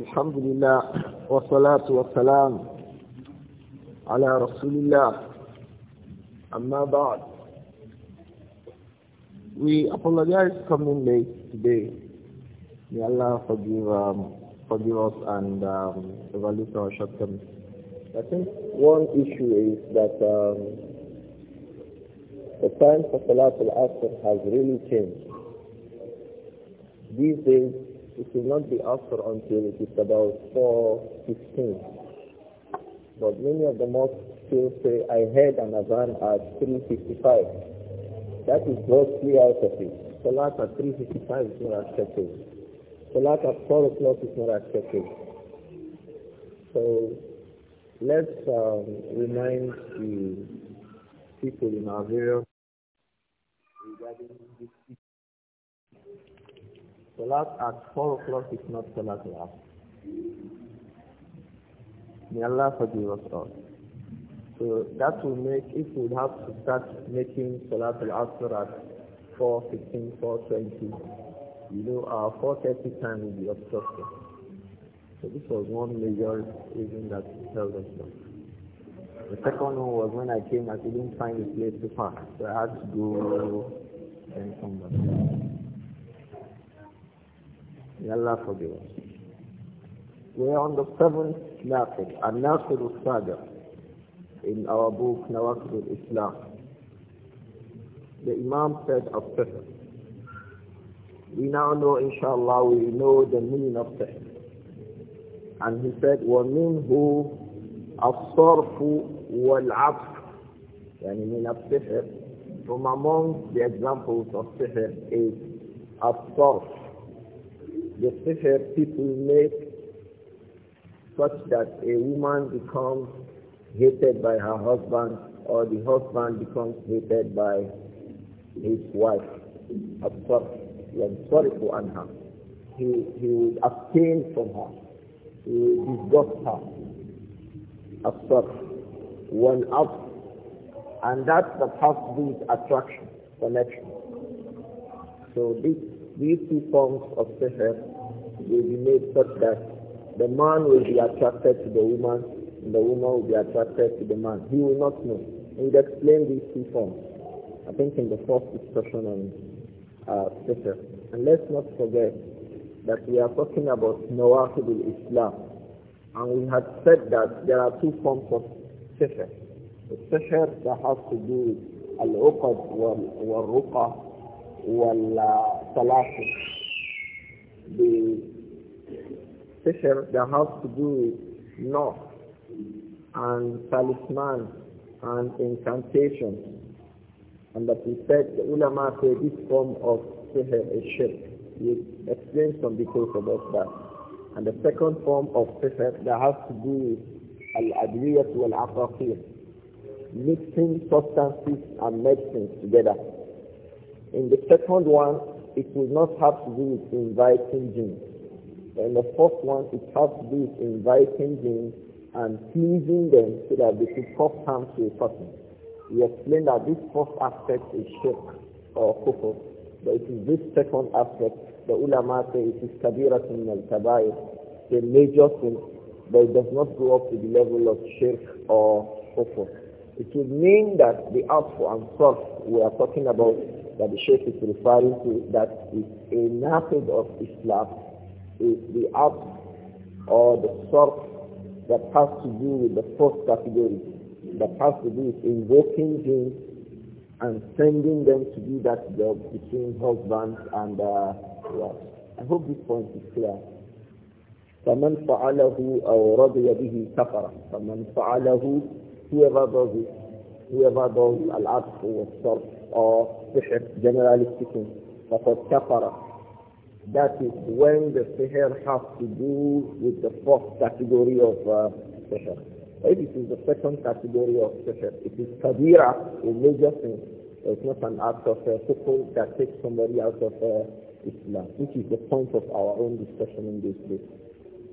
الحمد لله والصلاة والسلام على رسول الله أما بعد We apologize coming late today. May Allah forgive, um, forgive us and um, evaluate our shortcomings. I think one issue is that um, the time for Salatul Asr has really changed. These days, it will not be after until it is about 4.15. But many of the mosques still say, I heard an Azan at 3.55. That is three out of it. Salat at 3.55 is not acceptable. Salat at 4 o'clock is not acceptable. So let's um, remind the people in our area regarding this Salat at 4 o'clock is not Salat al May Allah forgive us all. So that will make, if we have to start making Salat al-Asr at 4.15, 4.20, you know, our 4.30 time will be obstructed. So this was one major reason that held us back. The second one was when I came, I couldn't find a place to park. So I had to go and come back. Allah forgive us. We're on the seventh Nafid, Al-Nafid al-Sadr, in our book Nawakid al-Islam. The Imam said of Sihr. We now know, inshallah, we know the meaning of Sihr. And he said, وَمِنْهُ الصَّرْفُ وَالْعَطْفُ يعني من السحر from among the examples of sihr is الصرف the sihr people make such that a woman becomes hated by her husband or the husband becomes hated by his wife. Of course, he, he would abstain from her he would disgust her الصرف والعطف and that's the possible attraction connection so these, these two forms of sihr will be made such that the man will be attracted to the woman and the woman will be attracted to the man. He will not know. And we'll explain these two forms, I think, in the first discussion on uh, And let's not forget that we are talking about Nawakibul Islam. And we had said that there are two forms of sihr. The sihr that has to do with al-uqad wal-ruqa wal-talafi. Uh, the Special that has to do with north and talisman and incantation. And that we said the ulama say this form of sihr is shirk. We explained some details about that. And the second form of sihr that has to do with al to wal-aqaqir, mixing substances and medicines together. In the second one, it will not have to do with inviting jinn. And the first one, it has this inviting them and pleasing them so that they could cause harm to a person. We explained that this first aspect is shirk or kufr, but it is this second aspect, the ulama say it is kabiratun al-kabair, the major sin, but it does not go up to the level of shirk or kufr. It would mean that the for and source we are talking about that the shaykh is referring to that is a method of Islam is the act or the sort that has to do with the first category, that has to do with invoking him and sending them to do that job between husbands and uh, wives. I hope this point is clear. فمن فعله أو رضي به كفر فمن فعله whoever does it whoever does العطف والصرف or sihr generally speaking فقد كفر that is when the seher has to do with the first category of uh, sihr. If it is the second category of seher, it is kabira, a major sin. It's not an act of uh, that takes somebody out of uh, Islam, which is the point of our own discussion in this book.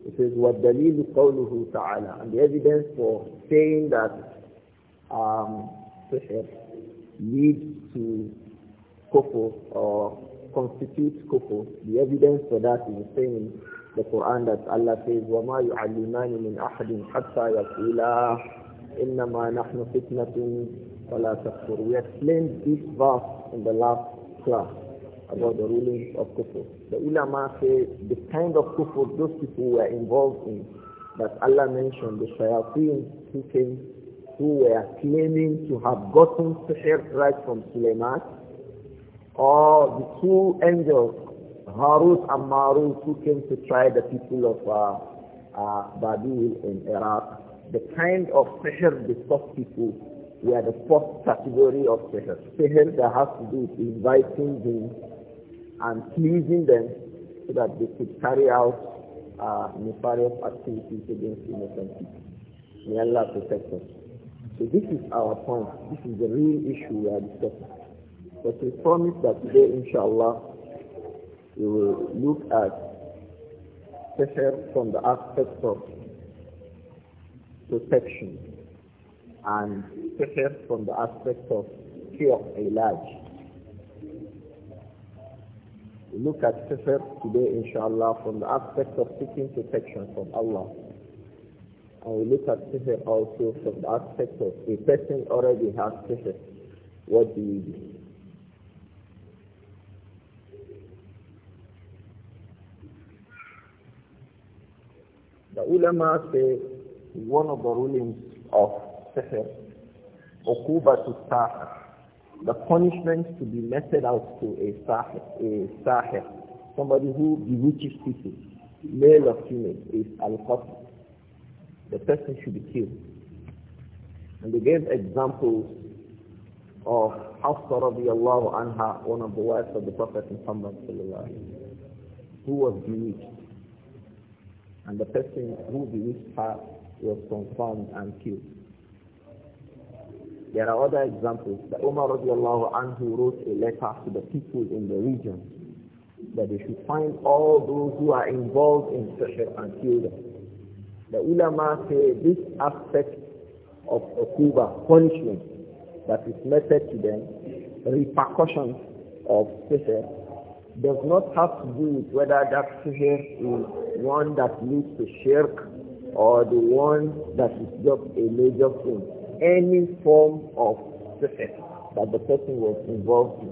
It says, وَالدَّلِيلُ قَوْلُهُ تَعَالَى And the evidence for saying that um, sihr leads to kufr or Constitute kufr, the evidence for that is saying the Quran that Allah says, وَمَا يُعَلِّمَانِ مِنْ أَحَدٍ حَتَّى يَقُولَا إِنَّمَا نَحْنُ فِتْنَةٌ فَلَا تَكْفُرْ We explained this verse in the last class about the rulings of kufr. The ulama say the kind of kufr those people were involved in that Allah mentioned, the shayateen who came, who were claiming to have gotten sihr right from Sulaiman, or the two angels, Harut and Marut, who came to try the people of uh, uh, Babil in Iraq, the kind of sihr the first people were the first category of sihr. Sihr that has to do with inviting them and pleasing them so that they could carry out uh, nefarious activities against innocent people. May Allah protect us. So this is our point. This is the real issue we are discussing. But we promise that today, inshallah, we will look at sihr from the aspect of protection and sihr from the aspect of cure, ilaj. We look at sihr today, inshallah, from the aspect of seeking protection from Allah. And we look at sihr also from the aspect of a person already has sihr. What do you do? The ulama say one of the rulings of sihr, okuba to sahir, the punishment to be meted out to a sahir, a sahir somebody who bewitches people, male or female, is al-qatl. The person should be killed. And they gave examples of Hafsa radiallahu anha, one of the wives of the Prophet Muhammad sallallahu who was bewitched and the person who bewitched her was confirmed and killed. There are other examples. The Umar radiallahu anhu wrote a letter to the people in the region that they should find all those who are involved in sihr and kill them. The ulama say this aspect of quba punishment that is meted to them, repercussions of sihr does not have to do with whether that sihr is one that leads to shirk or the one that is just a major sin. Any form of sihr that the person was involved in,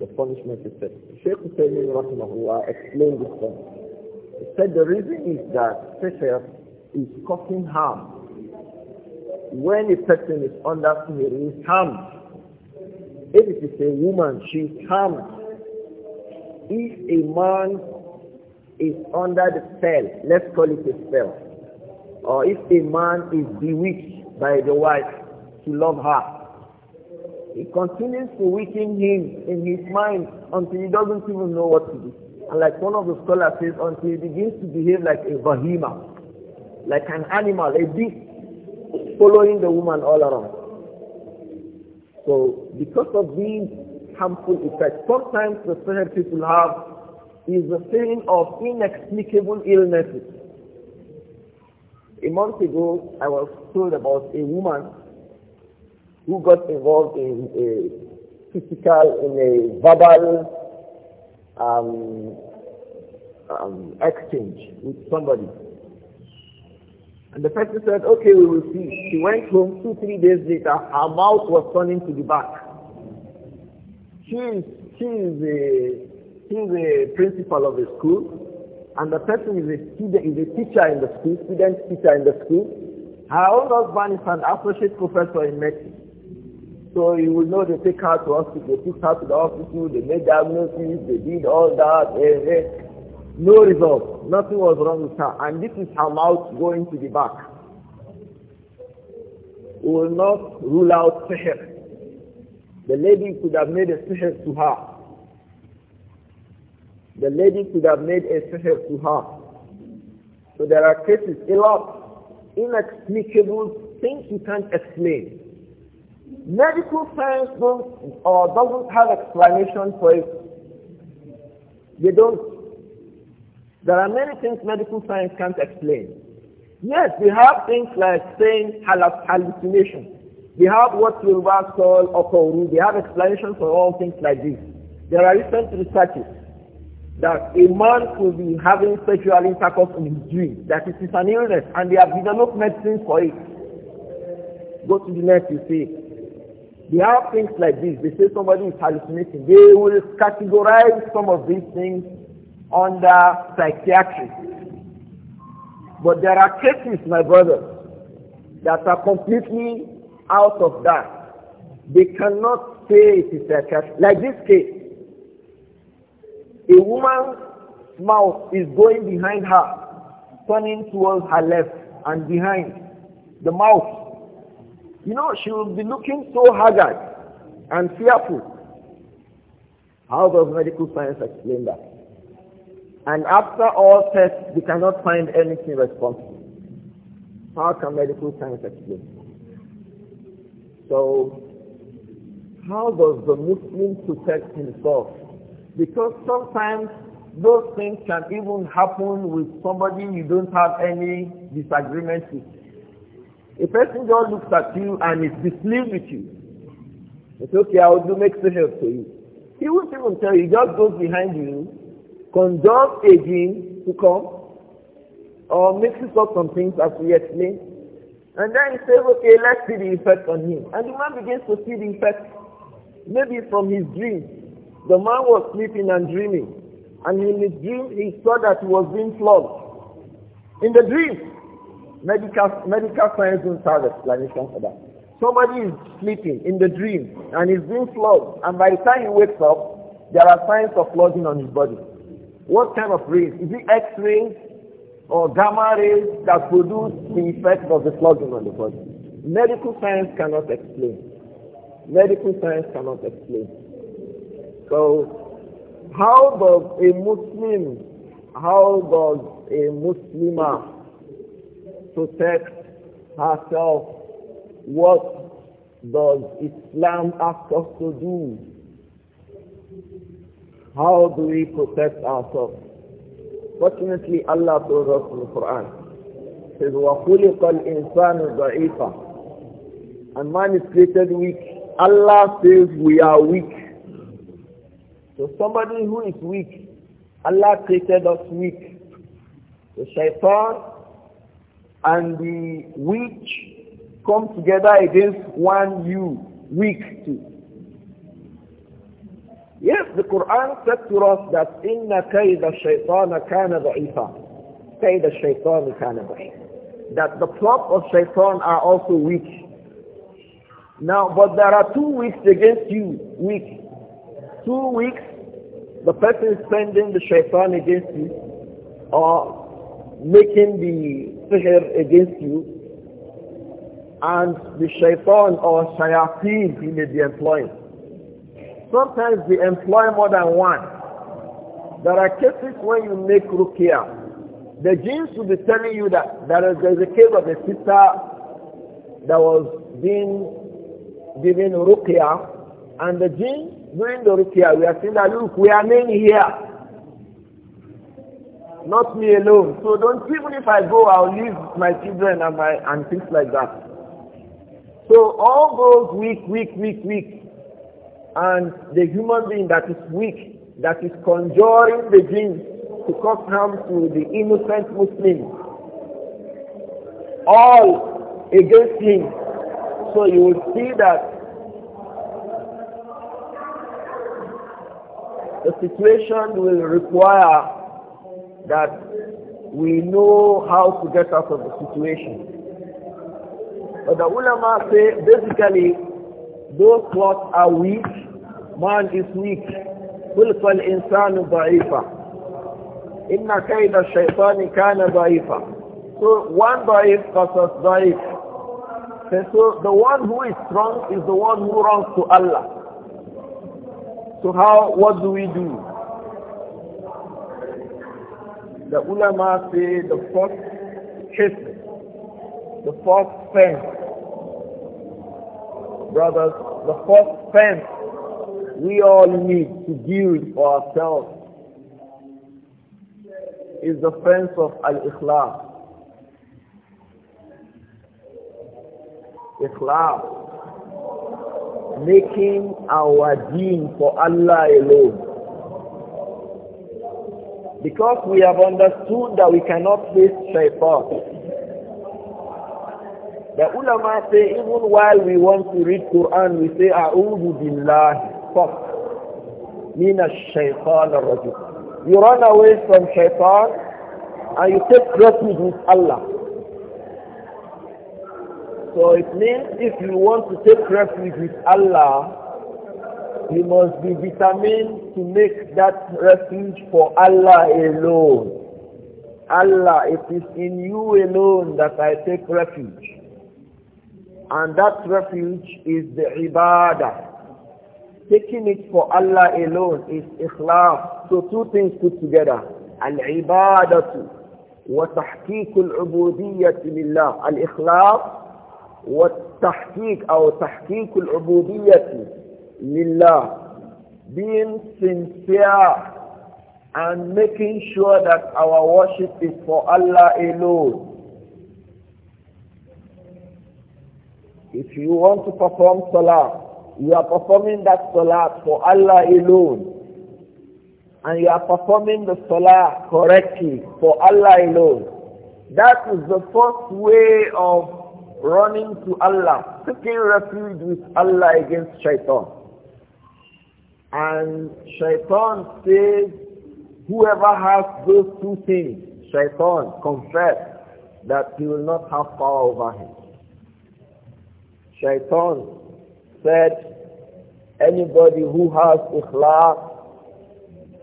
the punishment is set. Sheikh Hussein Rahimahullah explained this point. He said the reason is that sihr is causing harm. When a person is under sihr, he is harmed. If it is a woman, she is harmed if a man is under the spell, let's call it a spell, or if a man is bewitched by the wife to love her, he continues to weaken him in his mind until he doesn't even know what to do. And like one of the scholars says, until he begins to behave like a behemoth, like an animal, a beast, following the woman all around. So because of these harmful effect. Sometimes the sihr people have is the feeling of inexplicable illnesses. A month ago, I was told about a woman who got involved in a physical, in a verbal um, um, exchange with somebody. And the person said, okay, we will see. She went home two, three days later. Her mouth was turning to the back she is, she is the she is the principal of the school, and the person is a student, is a teacher in the school, student teacher in the school. Her own husband is an associate professor in medicine. So you will know they take her to hospital, they took her to the hospital, they made diagnosis, they did all that, eh, eh. no result, nothing was wrong with her. And this is her mouth going to the back. We will not rule out sihr. The lady could have made a special to her. The lady could have made a special to her. So there are cases, a lot, inexplicable things you can't explain. Medical science don't, or doesn't have explanation for it. They don't. There are many things medical science can't explain. Yes, we have things like saying hallucinations. They have what Yorubas call Okoru. They have explanations for all things like this. There are recent researches that a man could be having sexual intercourse in his dream, that it is an illness, and they have developed medicines for it. Go to the next, you see. They have things like this. They say somebody is hallucinating. They will categorize some of these things under psychiatry. But there are cases, my brother, that are completely out of that. They cannot say it is a cash. Like this case, a woman's mouth is going behind her, turning towards her left and behind the mouth. You know, she will be looking so haggard and fearful. How does medical science explain that? And after all tests, we cannot find anything responsible. How can medical science explain? So, how does the Muslim protect himself? Because sometimes those things can even happen with somebody you don't have any disagreement with. A person just looks at you and is displeased with you. It's okay, I will do make help for you. He won't even tell you, he just goes behind you, conducts a gene to come, or mixes up some things as we explained. And then he says, okay, let's see the effect on him. And the man begins to see the effect, maybe from his dream. The man was sleeping and dreaming. And in his dream, he saw that he was being flogged. In the dream, medical, medical science don't have explanation for that. Somebody is sleeping in the dream and is being flogged. And by the time he wakes up, there are signs of flogging on his body. What kind of rays? Is it X-rays? or gamma rays that produce the effect of the flooding on the body. Medical science cannot explain. Medical science cannot explain. So, how does a Muslim, how does a Muslima protect herself? What does Islam ask us to do? How do we protect ourselves? Fortunately, Allah told us in the Quran, says, وَخُلِقَ الْإِنسَانُ ضَعِيفًا And man is created weak. Allah says we are weak. So somebody who is weak, Allah created us weak. The shaitan and the weak come together against one you, weak too. Yes, the Quran said to us that inna kayda shaytana kana da'ifa. Kayda shaytana kana da'ifa. That the plot of shaitan are also weak. Now, but there are two weeks against you. Weak. Two weeks, the person is sending the shaitan against you or making the sihr against you and the shaitan or shayateen he may be employing. Sometimes they employ more than one. There are cases when you make rukia. The jinns will be telling you that there is, there is a case of a sister that was being given rukia and the jinn doing the rukia. We are saying that look, we are many here not me alone. So don't even if I go, I'll leave my children and my and things like that. So all those week, week, week, week and the human being that is weak, that is conjuring the jinn to cause harm to the innocent Muslim, all against him. So you will see that the situation will require that we know how to get out of the situation. But the ulama say basically those who are weak. Man is weak. خلق الإنسان ضعيفا Inna كيد الشيطان kana ضعيفا So one ضعيف versus da'if so the one who is strong is the one who runs to Allah. So how, what do we do? The ulama say the first hit, the first fence Brothers, the first fence we all need to build for ourselves is the fence of Al-Ikhlas. Ikhlas. Making our deen for Allah alone because we have understood that we cannot face shaitan. The ulama say even while we want to read Quran, we say A'udhu billahi Mina shaytan al-rajim. You run away from shaitan and you take refuge with Allah. So it means if you want to take refuge with Allah, you must be determined to make that refuge for Allah alone. Allah, it is in you alone that I take refuge. And that refuge is the ibadah. Taking it for Allah alone is ikhlas. So two things put together. al ibadah wa al ubudiyyati lillah. Al-ikhlas wa tahqiq or al ubudiyyati lillah. Being sincere and making sure that our worship is for Allah alone. If you want to perform salah, you are performing that salah for Allah alone. And you are performing the salah correctly for Allah alone. That is the first way of running to Allah, seeking refuge with Allah against shaitan. And shaitan says, whoever has those two things, shaitan confess that he will not have power over him. Shaitan said, anybody who has ikhlaq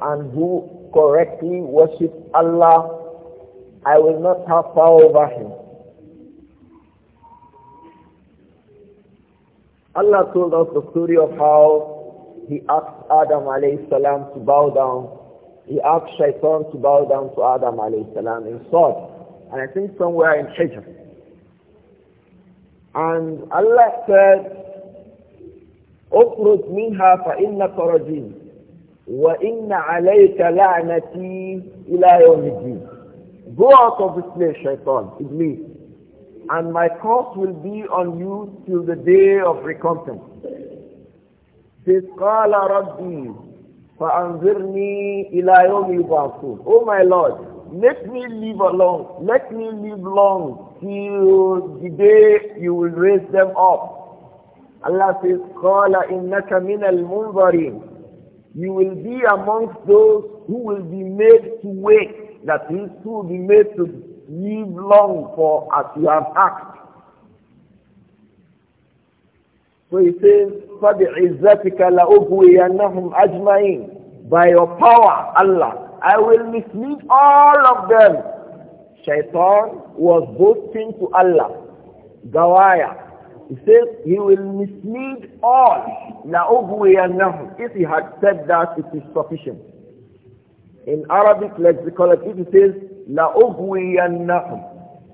and who correctly worships Allah, I will not have power over him. Allah told us the story of how he asked Adam alayhi salam to bow down. He asked Shaitan to bow down to Adam alayhi salam in Sod. And I think somewhere in Hijr. And Allah said, اخرج منها فإنك رجيم وإن عليك لعنتي إلى يوم الدين Go out of this place, shaitan, Iblis, and my curse will be on you till the day of recompense. This قال ربي فأنظرني إلى يوم يبعثون Oh my Lord, let me live alone, let me live long till the day you will raise them up. Allah says, قَالَ إِنَّكَ مِنَ الْمُنْظَرِينَ You will be amongst those who will be made to That that is, who will be made to live long for as you have asked. So he says, فَبِعِزَّتِكَ لَأُغْوِيَنَّهُمْ أَجْمَعِينَ By your power, Allah, I will mislead all of them Shaitan was boasting to Allah. Gawaya. He says he will mislead all. If he had said that, it is sufficient. In Arabic lexicology, it says,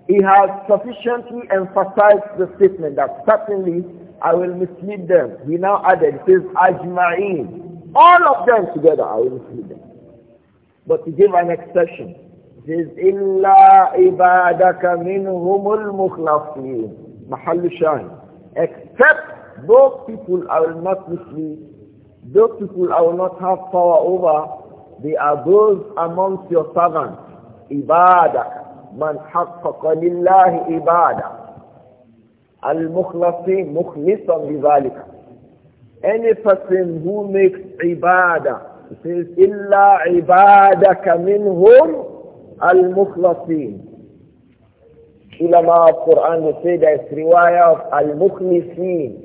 He has sufficiently emphasized the statement that certainly I will mislead them. He now added, he says, Ajma'in. All of them together, I will mislead them. But he gave an exception. says, إِلَّا عِبَادَكَ مِنْهُمُ الْمُخْلَصِينَ محل شاهد Except those people I will not mislead, those people I will not have power over, they are those amongst your servants. عِبَادَكَ مَنْ حَقَّقَ لِلَّهِ عِبَادَةً المخلصين مخلصا بذلك any person who makes ibadah says إلا عبادك منهم Al-Muflasin. Ulama of Quran will say there is riwayah of Al-Mukhlisin.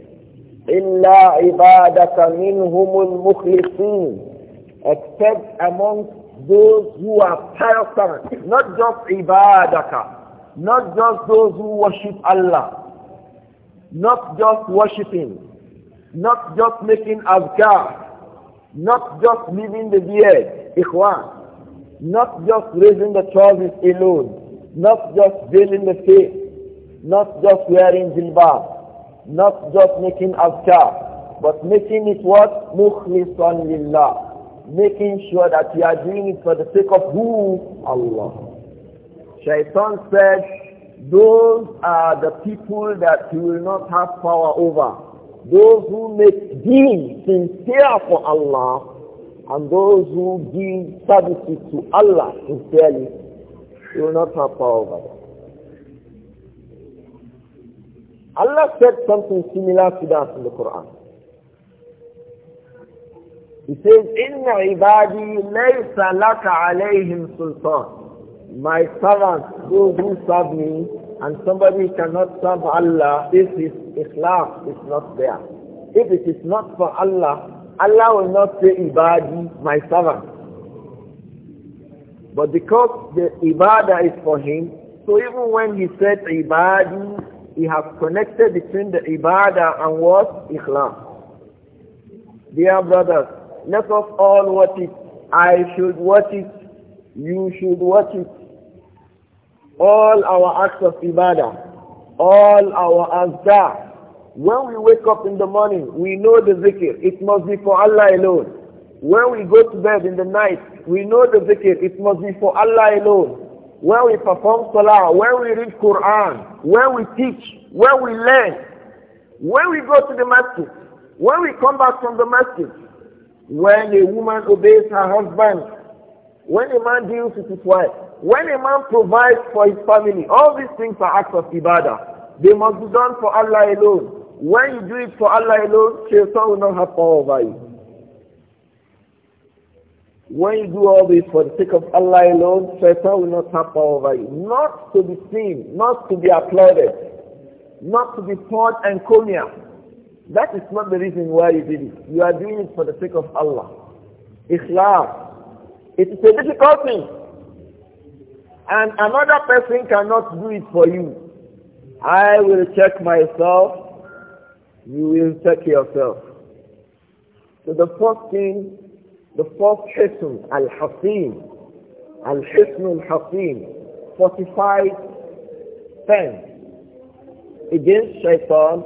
إِلَّا عِبَادَكَ مِنْهُمُ الْمُخْلِصِينَ Except amongst those who are pious, not just ibadaka, not just those who worship Allah, not just worshipping, not just making azkar, not just leaving the beard, ikhwan, not just raising the trousers alone, not just veiling the face, not just wearing jilbab, not just making azkar, but making it what? Mukhlisan lillah. Making sure that you are doing it for the sake of who? Allah. Shaitan said, those are the people that you will not have power over. Those who make deen sincere for Allah, and those who give services to Allah sincerely will not have power over them. Allah said something similar to that in the Quran. He says, Inna ibadi laysa laka alayhim sultan. My servants, those who serve me, and somebody cannot serve Allah if his ikhlas is not there. If it is not for Allah, Allah will not say ibadi, my servant. But because the ibadah is for him, so even when he said ibadi, he has connected between the ibadah and what? Ikhlas. Dear brothers, let us all watch it. I should watch it. You should watch it. All our acts of ibadah, all our azkar, when we wake up in the morning, we know the zikr. It must be for Allah alone. When we go to bed in the night, we know the zikr. It must be for Allah alone. When we perform salah, when we read Quran, when we teach, when we learn, when we go to the masjid, when we come back from the masjid, when a woman obeys her husband, when a man deals with his wife, when a man provides for his family, all these things are acts of ibadah. They must be done for Allah alone. When you do it for Allah alone, Shaitan will not have power over you. When you do all this for the sake of Allah alone, Shaitan will not have power over you. Not to be seen, not to be applauded, not to be thought and conia. That is not the reason why you did it. You are doing it for the sake of Allah. Ikhlas. It is a difficult thing. And another person cannot do it for you. I will check myself you will check yourself. So the first thing, the first hisn, al Hafim, al-hisn al Hafim, fortified fence against shaitan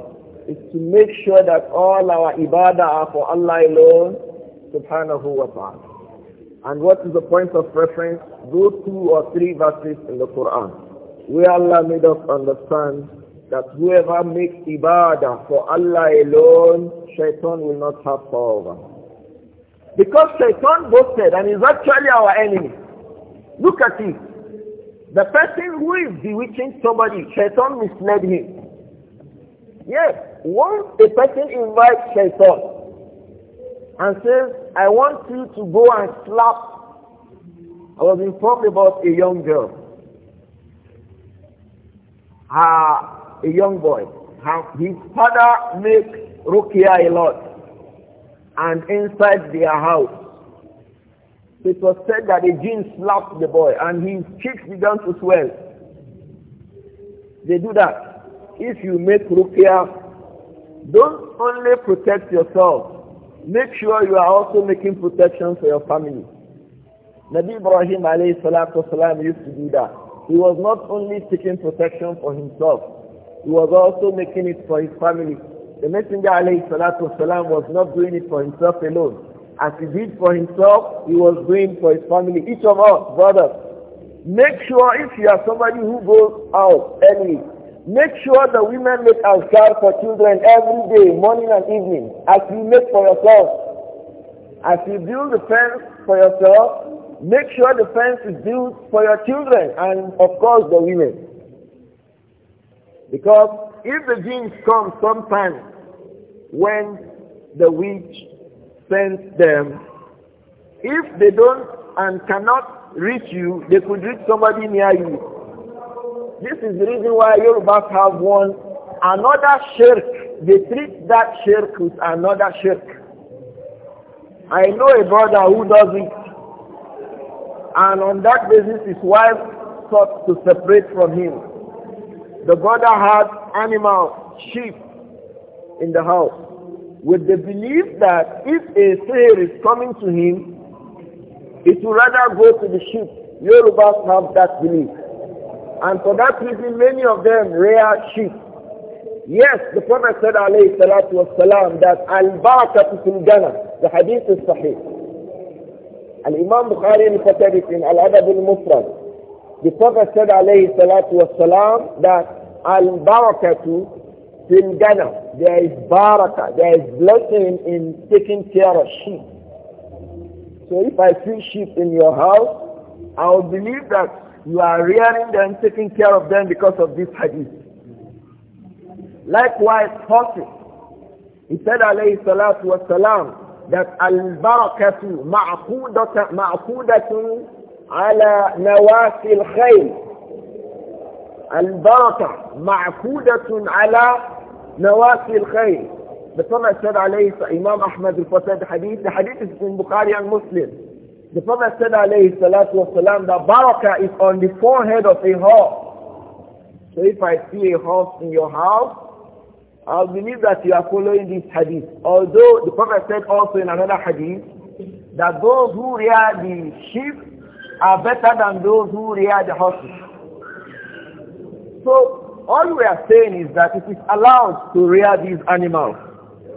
is to make sure that all our ibadah are for Allah alone, subhanahu wa ta'ala. And what is the point of reference? Go two or three verses in the Quran where Allah made us understand that whoever makes ibadah for Allah alone, shaitan will not have power. Because shaitan boasted and is actually our enemy. Look at it. The person who is bewitching somebody, shaitan misled him. Yes, once a person invites shaitan and says, I want you to go and slap. I was informed about a young girl her a young boy. His father make rukia a lot and inside their house. It was said that a jinn slapped the boy and his cheeks began to swell. They do that. If you make rukia, don't only protect yourself. Make sure you are also making protection for your family. Nabi Ibrahim alayhi salatu salam used to do that. He was not only seeking protection for himself, he was also making it for his family. The Messenger والسلام, was not doing it for himself alone. As he did for himself, he was doing for his family. Each of us, brothers, make sure if you are somebody who goes out early, make sure the women make azkar for children every day, morning and evening, as you make for yourself. As you build the fence for yourself, make sure the fence is built for your children and of course the women. Because if the jinns come sometimes when the witch sends them, if they don't and cannot reach you, they could reach somebody near you. This is the reason why Yorubas have one another shirk. They treat that shirk with another shirk. I know a brother who does it. And on that basis, his wife sought to separate from him. The brother had animal sheep in the house with the belief that if a prayer is coming to him, it will rather go to the sheep. Yorubas have that belief. And for that reason, many of them rear sheep. Yes, the Prophet said alayhi salatu wasalam that al-ba'atatu fil Ghana. The hadith is sahih. Al-Imam Bukhari reported it in Al-Adab al-Mufrad. The Prophet said alayhi salatu wasalam that al-barakatu fil ganam. There is baraka, there is blessing in taking care of sheep. So if I see sheep in your house, I will believe that you are rearing them, taking care of them because of this hadith. Likewise, horses. He said alayhi salatu wasalam that al-barakatu ma'qudatun على نواسي الخيل البركه معكودة على نواسي الخيل بطبع السيد عليه إمام أحمد الفساد حديث لحديث ابن بخاري عن مسلم The Prophet said alayhi salatu wasalam that barakah is on the forehead of a horse. So if I see a horse in your house, I'll believe that you are following this hadith. Although the Prophet said also in another hadith that those who rear the sheep are better than those who rear the horses. So all we are saying is that it is allowed to rear these animals.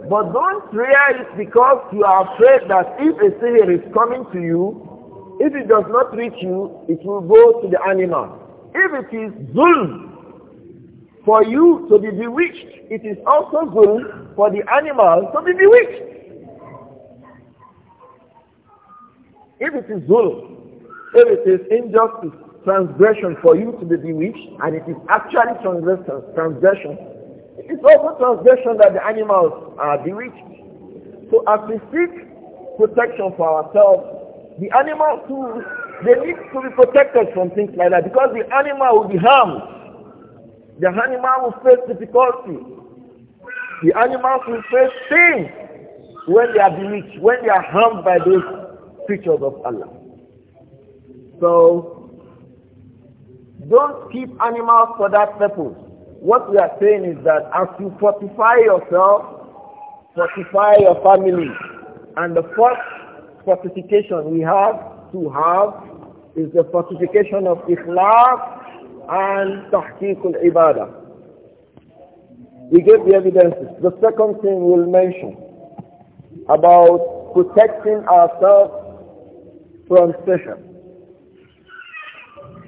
But don't rear it because you are afraid that if a savior is coming to you, if it does not reach you, it will go to the animal. If it is zulm, for you to be bewitched, it is also zulm for the animal to be bewitched. If it is zulm, if it is injustice, transgression for you to be bewitched, and it is actually transgression, transgression, it is also transgression that the animals are bewitched. So as we seek protection for ourselves, the animals too, they need to be protected from things like that because the animal will be harmed. The animal will face difficulty. The animals will face pain when they are bewitched, when they are harmed by those creatures of Allah. So, don't keep animals for that purpose. What we are saying is that as you fortify yourself, fortify your family. And the first fortification we have to have is the fortification of Islam and tahqiq ibadah We gave the evidences. The second thing we'll mention about protecting ourselves from session.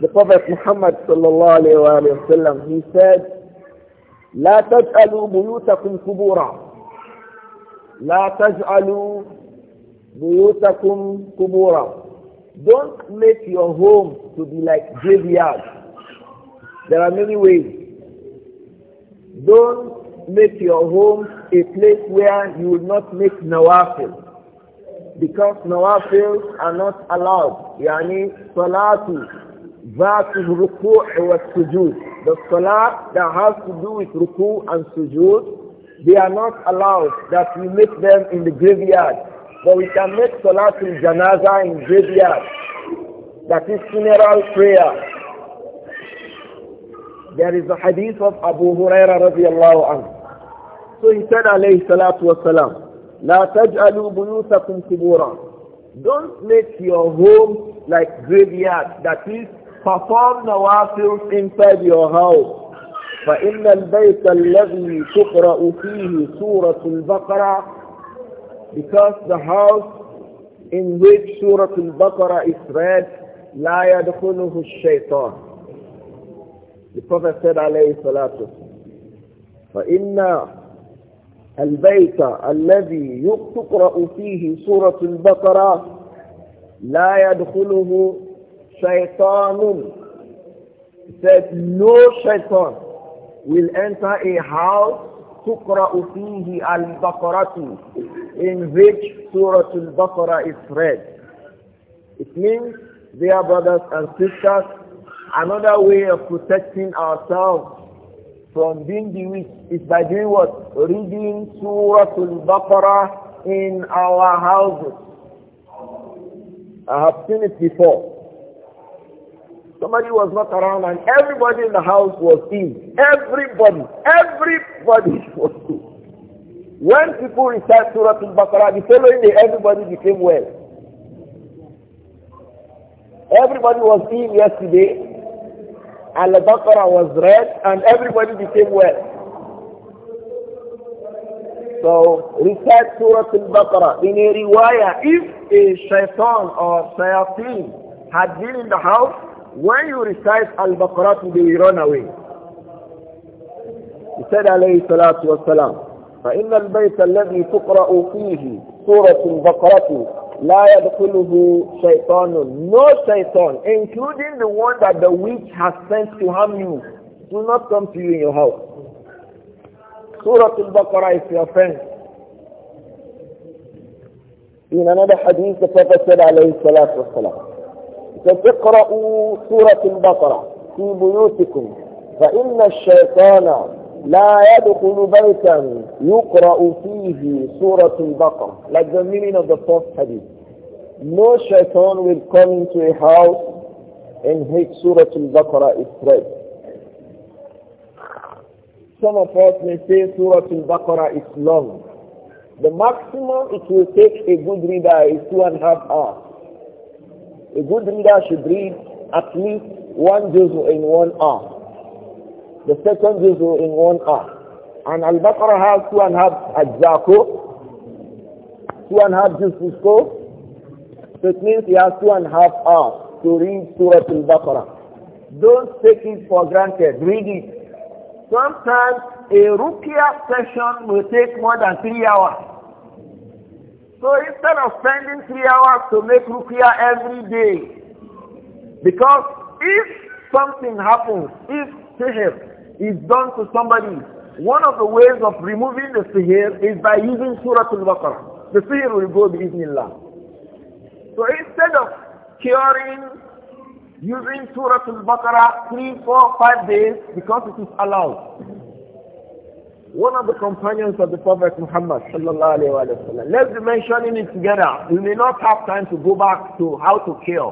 The Prophet Muhammad sallallahu alayhi wa sallam, he said, لا تجعلوا بيوتكم قبورا لا تجعلوا بيوتكم قبورا Don't make your home to be like graveyard. There are many ways. Don't make your home a place where you will not make nawafil. Because nawafil are not allowed. Yani salatu that is ruku' and sujood. The salah that has to do with ruku' and sujood, they are not allowed that we make them in the graveyard. But we can make salah in janaza in graveyard. That is funeral prayer. There is a hadith of Abu Huraira radiallahu anhu. So he said alayhi salatu wasalam, لا تجعلوا بيوتكم tiburan. Don't make your home like graveyard. That is, فصار nawafils inside your house فإن البيت الذي تقرأ فيه سورة البقرة because the house in which سورة البقرة is read لا يدخله الشيطان The Prophet said عليه الصلاة والسلام فإن البيت الذي تقرأ فيه سورة البقرة لا يدخله shaitanun. Said no shaitan will enter a house kuraufihi al البقرة in which Surah Al-Baqarah is read. It means, dear brothers and sisters, another way of protecting ourselves from being bewitched is by doing what? Reading Surah Al-Baqarah in our houses. I have seen it before. Somebody was not around and everybody in the house was ill. Everybody, everybody was ill. When people recite Surah Al-Baqarah, the following day everybody became well. Everybody was ill yesterday. Al-Baqarah was read and everybody became well. So recite Surah Al-Baqarah. In a riwayah, if a shaitan or shayateen had been in the house, when you recite Al-Baqarah, they run away. He said, alayhi salatu wasalam, فَإِنَّ الْبَيْتَ الَّذِي تُقْرَأُ فِيهِ سُورَةُ الْبَقَرَةُ لا يدخله شيطان no shaytan, including the one that the witch has sent to harm you do not come to you in your house Surah Al-Baqarah is your friend in another hadith the Prophet said alayhi salatu salam فاقرأوا سورة البقرة في بيوتكم فإن الشيطان لا يدخل بيتا يقرأ فيه سورة البقرة like the meaning of the first hadith no shaitan will come into a house in which Surah Al-Baqarah is read. Some of us may say Surah Al-Baqarah is long. The maximum it will take a good reader is two and a half hours. A good reader should read at least one juzu in one hour. The second juzu in one hour. And Al-Baqarah has two and a half ajzako, two and a half juzus ko. So it means he has two and a half hours to read Surah Al-Baqarah. Don't take it for granted. Read it. Sometimes a ruqya session will take more than three hours. So instead of spending three hours to make ruqya every day, because if something happens, if sihr is done to somebody, one of the ways of removing the sihr is by using Surah Al-Baqarah. The sihr will go bi So instead of curing using Surah Al-Baqarah three, four, five days because it is allowed one of the companions of the Prophet Muhammad Let's be mentioning it together. We may not have time to go back to how to kill.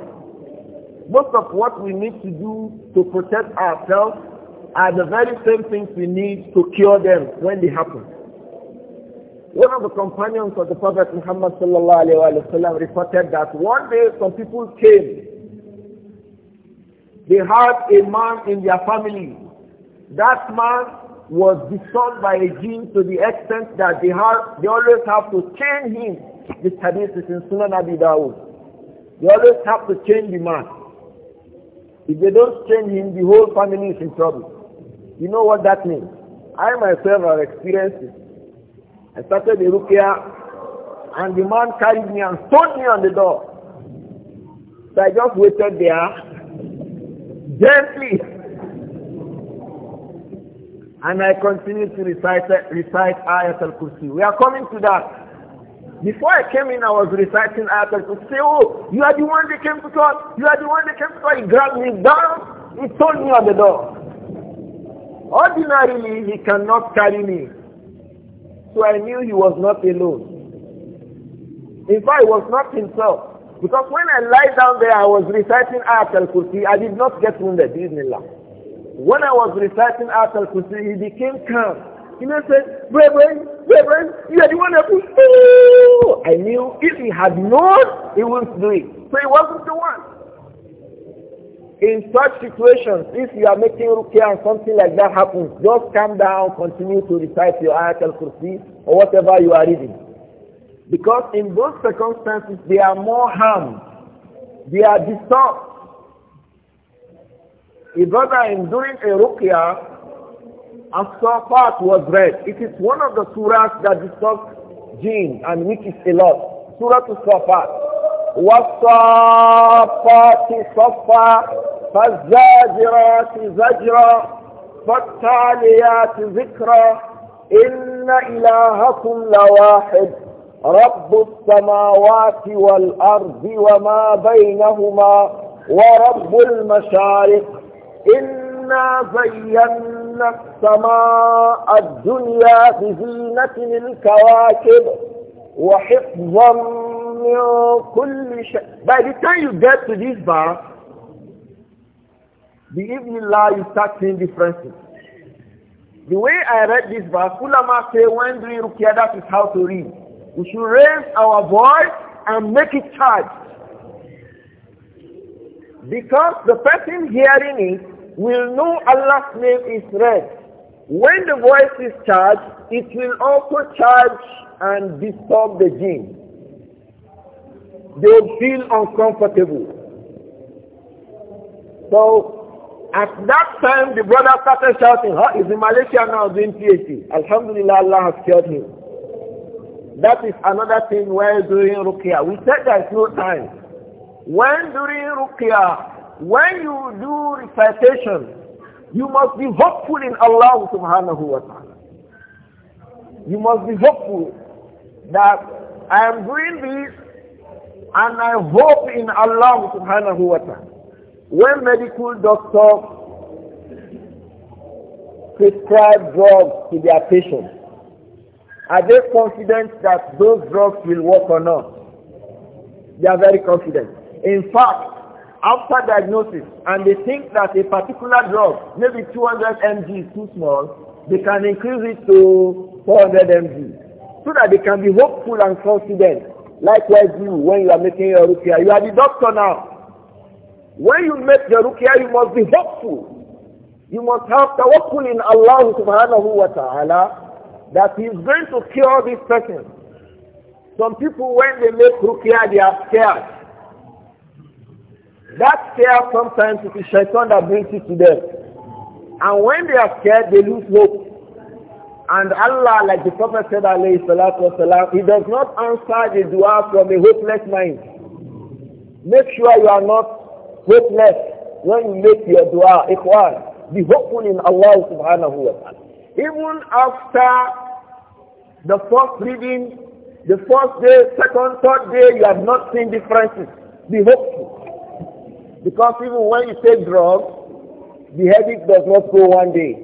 Most of what we need to do to protect ourselves are the very same things we need to cure them when they happen. One of the companions of the Prophet Muhammad sallallahu alayhi reported that one day some people came. They had a man in their family. That man was disturbed by a jinn to the extent that they, have, they always have to chain him. This hadith is in Sunan Abi Dawud. They always have to chain the man. If they don't chain him, the whole family is in trouble. You know what that means? I myself have experienced it. I started the ruqya and the man carried me and stoned me on the door. So I just waited there gently and I continued to recite, recite Ayat al-Kursi. We are coming to that. Before I came in, I was reciting Ayat al-Kursi. Say, oh, you are the one that came to talk. You are the one that came to talk. He grabbed me down. He told me at the door. Ordinarily, he cannot carry me. So I knew he was not alone. In fact, he was not himself. Because when I lie down there, I was reciting Ayat al-Kursi. I did not get wounded, Bismillah. When I was reciting out al he became calm. He then said, Brethren, Brethren, you are the one who I knew if he had known, he wouldn't do it. So he wasn't the one. In such situations, if you are making ruqyah and something like that happens, just calm down, continue to recite your ayat al-kursi or whatever you are reading. Because in those circumstances, they are more harmed. They are disturbed. If brother in during a ruqya, Asafat was read. It is one of the surahs that discuss jinn and which is a lot. Surah to Safat. وَالصَّافَّاتِ صَفَّا فَالزَّاجِرَاتِ زَجْرًا فَالتَّالِيَاتِ ذِكْرًا إِنَّ إِلَهَكُمْ لَوَاحِدٌ رَبُّ السَّمَاوَاتِ وَالْأَرْضِ وَمَا بَيْنَهُمَا وَرَبُّ الْمَشَارِقِ إنا زينا السماء الدنيا بزينة الكواكب وحفظا من كل شيء By the time you get to this verse, the evening light you start seeing differences. The way I read this verse, Ulama say when doing Rukia, that is how to read. We should raise our voice and make it charged. Because the person hearing it will know Allah's name is read. When the voice is charged, it will also charge and disturb the jinn. They will feel uncomfortable. So at that time, the brother started shouting, huh, he's in Malaysia now doing PhD. Alhamdulillah, Allah has cured him. That is another thing while doing rukia. We said there is no time. When doing rukia when you do recitation, you must be hopeful in Allah subhanahu wa ta'ala. You must be hopeful that I am doing this and I hope in Allah subhanahu wa ta'ala. When medical doctors prescribe drugs to their patients, are they confident that those drugs will work or not? They are very confident. In fact, after diagnosis and they think that a particular drug, maybe 200 mg is too small, they can increase it to 400 mg so that they can be hopeful and confident. Likewise, you, when you are making your rukia, you are the doctor now. When you make your rukia, you must be hopeful. You must have tawakkul in Allah subhanahu wa ta'ala that He is going to cure this person. Some people, when they make rukia, they are scared. That fear sometimes it is shaitan that brings it to them. And when they are scared, they lose hope. And Allah, like the Prophet said, alayhi salatu He does not answer the dua from a hopeless mind. Make sure you are not hopeless when you make your dua. Ikhwan, be hopeful in Allah subhanahu wa ta'ala. Even after the first reading, the first day, second, third day, you have not seen differences. Be hopeful. Because even when you take drugs, the headache does not go one day.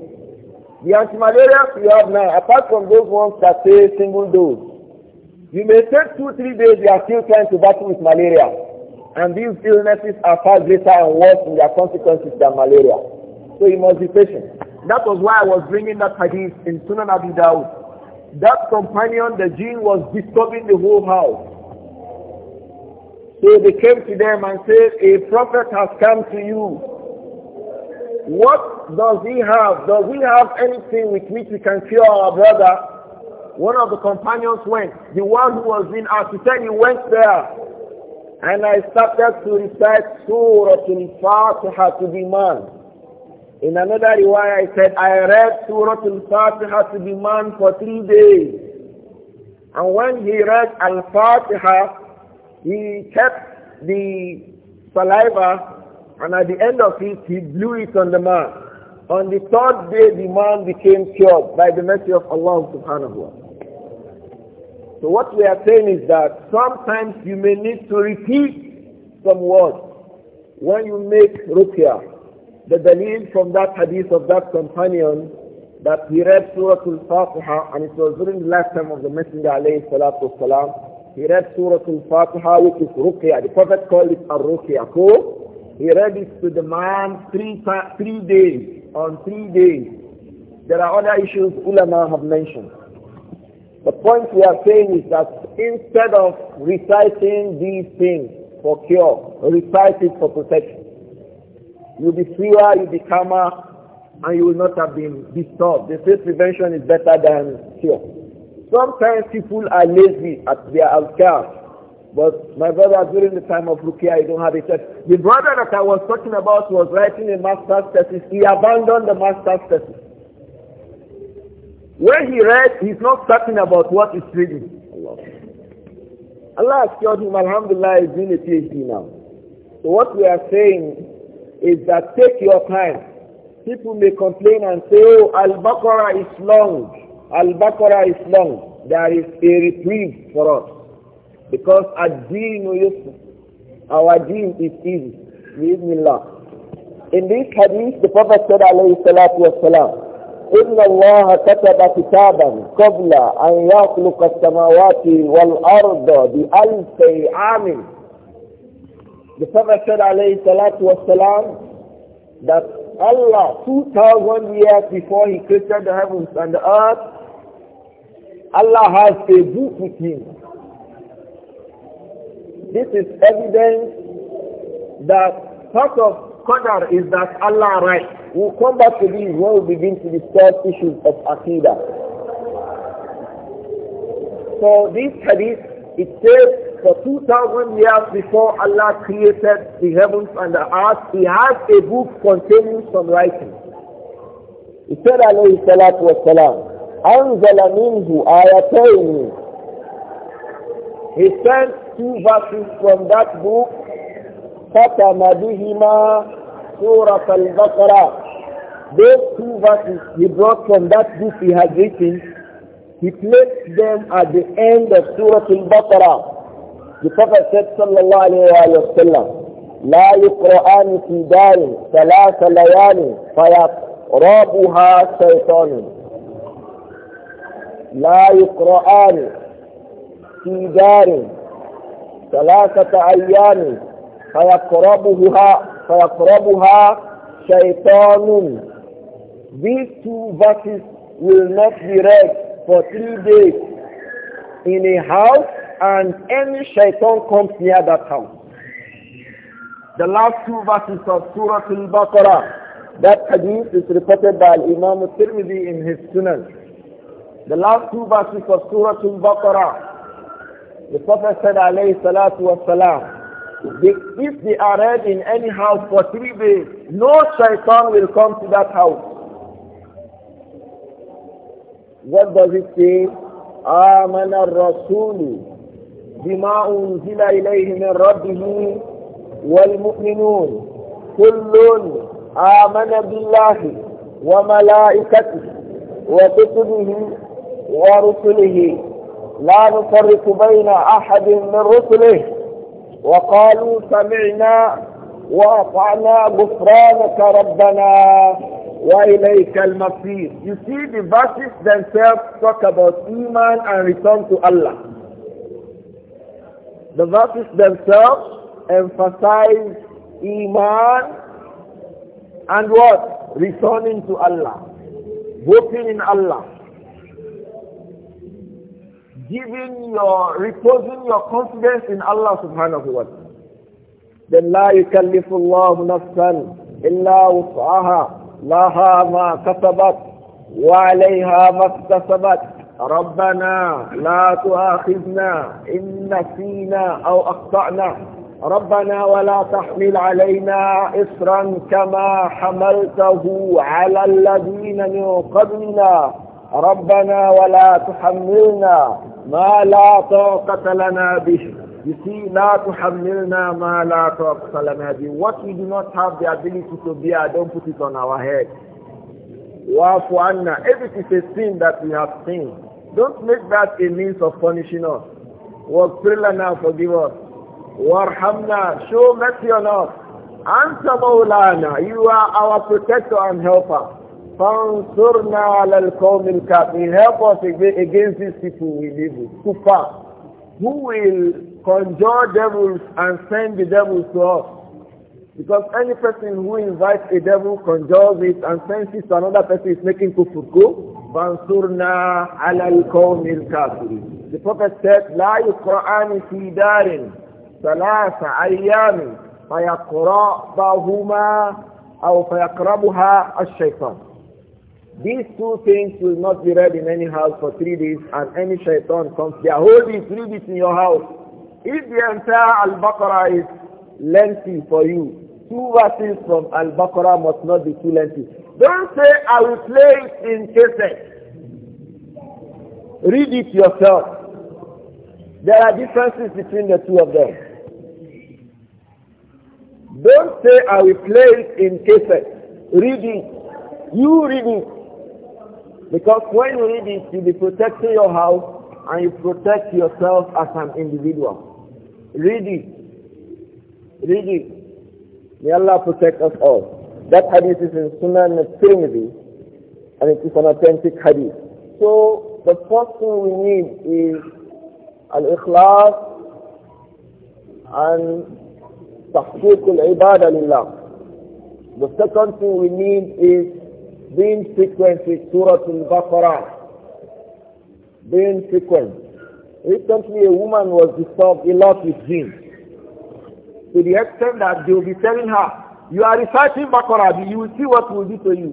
The antimalarials you have now, apart from those ones that say single dose, you may take two, three days, you are still trying to battle with malaria. And these illnesses are far greater and worse in their consequences than malaria. So you must be patient. That was why I was bringing that hadith in Sunan Abi Dawud. That companion, the jinn was disturbing the whole house. So they came to them and said, a prophet has come to you. What does he have? Does he have anything with which we can cure our brother? One of the companions went, the one who was in Architect, he went there. And I started to recite Surah Al-Fatiha to the man. In another riwayah, I said, I read Surah Al-Fatiha to the man for three days. And when he read Al-Fatiha, he kept the saliva and at the end of it, he blew it on the man. On the third day, the man became cured by the mercy of Allah subhanahu wa ta'ala. So what we are saying is that sometimes you may need to repeat some words when you make ruqya. The dalil from that hadith of that companion that he read Surah Al-Fatiha and it was during the lifetime of the Messenger alayhi salatu salam he read Surah Al-Fatiha, which is Ruqya. The Prophet called it Al-Ruqya. So, he read it to the man three, three days, on three days. There are other issues ulama have mentioned. The point we are saying is that instead of reciting these things for cure, recite it for protection. You'll be freer, you'll be calmer, and you will not have been disturbed. They say prevention is better than cure. Sometimes people are lazy at their outcast. But my brother, during the time of Rukia, I don't have a church. The brother that I was talking about was writing a master's thesis. He abandoned the master's thesis. When he read, he's not talking about what he's reading. Allah. Allah has cured him, Alhamdulillah, he's doing a PhD now. So what we are saying is that take your time. People may complain and say, oh, Al-Baqarah is long. Al-Baqarah is long. There is a reprieve for us. Because ad-deenu Our deen is easy. Bismillah. In this hadith, the Prophet said, alayhi salatu wasalam, إن الله كتب كتابا قبل أن يخلق السماوات والأرض بألف عام. The Prophet said, alayhi salatu wasalam, that Allah, 2,000 years before He created the heavens and the earth, Allah has a book with him. This is evidence that part of Qadr is that Allah writes. We'll come back to this when we begin to discuss issues of Aqidah. So this hadith, it says for 2,000 years before Allah created the heavens and the earth, He has a book containing some writings. He said, alayhi salatu wasalam, أنزل منه آيتين He sent two verses from that book ختم بهما سورة البقرة Those two verses he brought from that book he had written, he placed them at the end of Surah Al-Baqarah. The Prophet said sallallahu alayhi wa sallam, لا يقرآن في دار ثلاث ليال فيقربها شيطان لا يقرآن في دار ثلاثة أيام فيقربها فيقربها شيطان These two verses will not be read for three days in a house and any shaitan comes near that house. The last two verses of Surah Al-Baqarah, that hadith is reported by Imam Tirmidhi in his Sunan. The last two verses of Surah Al-Baqarah, the Prophet said, alayhi salatu wasalam, if they are read in any house for three days, no shaitan will come to that house. What does it say? آمن الرسول بما أنزل إليه من ربه والمؤمنون كل آمن بالله وملائكته وكتبه ورسله لا نفرق بين أحد من رسله وقالوا سمعنا وأطعنا غفرانك ربنا وإليك المصير You see the verses themselves talk about Iman and return to Allah. The verses themselves emphasize Iman and what? Returning to Allah. Hoping in Allah. giving your, reposing your confidence in Allah subhanahu wa ta'ala. Then لا يكلف الله نفسا إلا laha لها ما wa وعليها ما اكتسبت ربنا لا تؤاخذنا إن نسينا أو أخطأنا ربنا ولا تحمل علينا إصرا كما حملته على الذين من قبلنا ربنا ولا تحملنا ما لا طاقة لنا به You see, لا تحملنا ما لا طاقة لنا به What we do not have the ability to bear, don't put it on our head. وَعْفُ عَنَّا Everything is a sin that we have sinned, don't make that a means of punishing us. وَاغْفِرْ لَنَا Forgive us. وَارْحَمْنَا Show mercy on us. Answer Maulana. You are our protector and helper. فانصرنا على القوم الكافرين help us against these people we live with kufa who will conjure devils and send the devils to us because any person who invites a devil conjures it and sends it to another person is making kufur فانصرنا على القوم الكافرين the prophet said لا يقرآن في دار ثلاث أيام فيقرأهما أو فيقربها الشيطان these two things will not be read in any house for three days and any shaitan comes They are holding read it in your house. If the entire Al-Baqarah is lengthy for you, two verses from Al-Baqarah must not be too lengthy. Don't say, I will play it in cassette. Read it yourself. There are differences between the two of them. Don't say, I will play it in cassette. Read it. You read it. Because when you read it, you'll be protecting your house and you protect yourself as an individual. Read it. Read it. May Allah protect us all. That hadith is in Sunan al-Tirmidhi and it is an authentic hadith. So the first thing we need is al-ikhlas and tahqiq al-ibadah lillah. The second thing we need is being frequent with Surah Al-Baqarah, being frequent. Recently a woman was disturbed a lot with him. To the extent that they will be telling her, you are reciting Baqarah, you will see what will do to you.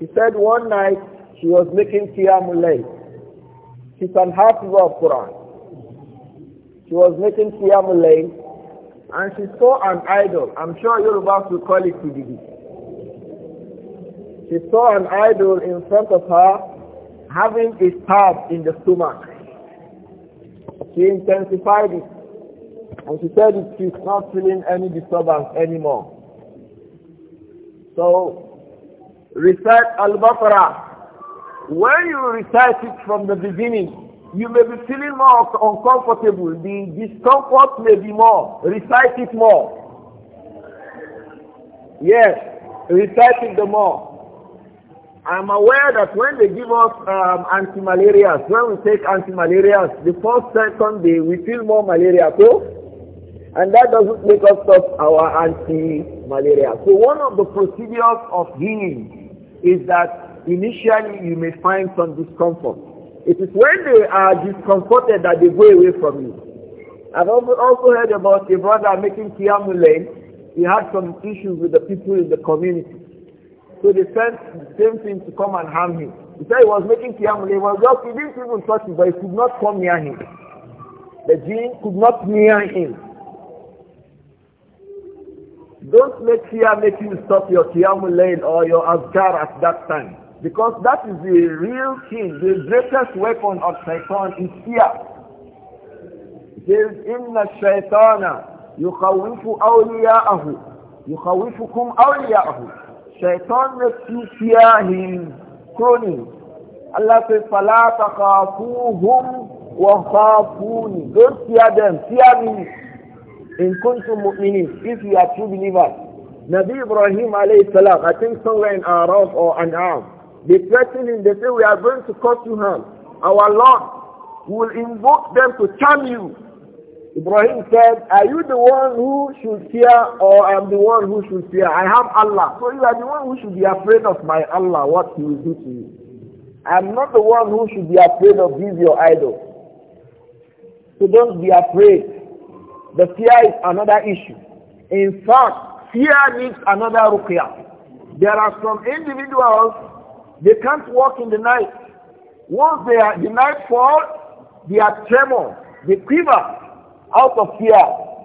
She said one night she was making Qiyamul She's an half of Quran. She was making Qiyamul and she saw an idol. I'm sure Yorubas will call it Kudidi. She saw an idol in front of her having a stab in the stomach. She intensified it. And she said she's not feeling any disturbance anymore. So, recite Al-Baqarah. When you recite it from the beginning, you may be feeling more uncomfortable. The discomfort may be more. Recite it more. Yes, recite it the more. I'm aware that when they give us um, anti-malarials, when we take anti-malarials, the first second day we feel more malaria too. And that doesn't make us stop our anti-malaria. So one of the procedures of healing is that initially you may find some discomfort. It is when they are discomforted that they go away from you. I've also heard about a brother making lane. He had some issues with the people in the community. So they sent the same thing to come and harm him. He said he was making lane. Well, just, he didn't even touch him, but he could not come near him. The jinn could not near him. Don't let fear make you stop your Qiyamul lane or your Azkar at that time. Because that is the real thing. The greatest weapon of shaitan is fear. It says, إِنَّ الشَّيْطَانَ يُخَوِّفُ أَوْلِيَاءَهُ يُخَوِّفُكُمْ أَوْلِيَاءَهُ Shaitan makes you fear him, cronies. Allah says, فَلَا تَخَافُوهُمْ وَخَافُونِ Don't fear them, fear me. In kuntum mu'minin, if you are true believers. Nabi Ibrahim alayhi salam, I think somewhere in Araf or an An'am, they threaten him. They say, we are going to cut you hand. Our Lord will invoke them to charm you. Ibrahim said, are you the one who should fear or I am the one who should fear? I have Allah. So you are the one who should be afraid of my Allah, what he will do to you. I am not the one who should be afraid of these your idols. So don't be afraid. The fear is another issue. In fact, fear needs another ruqyah. There are some individuals they can't walk in the night. Once they are, the night falls, they are tremor, they quiver out of fear.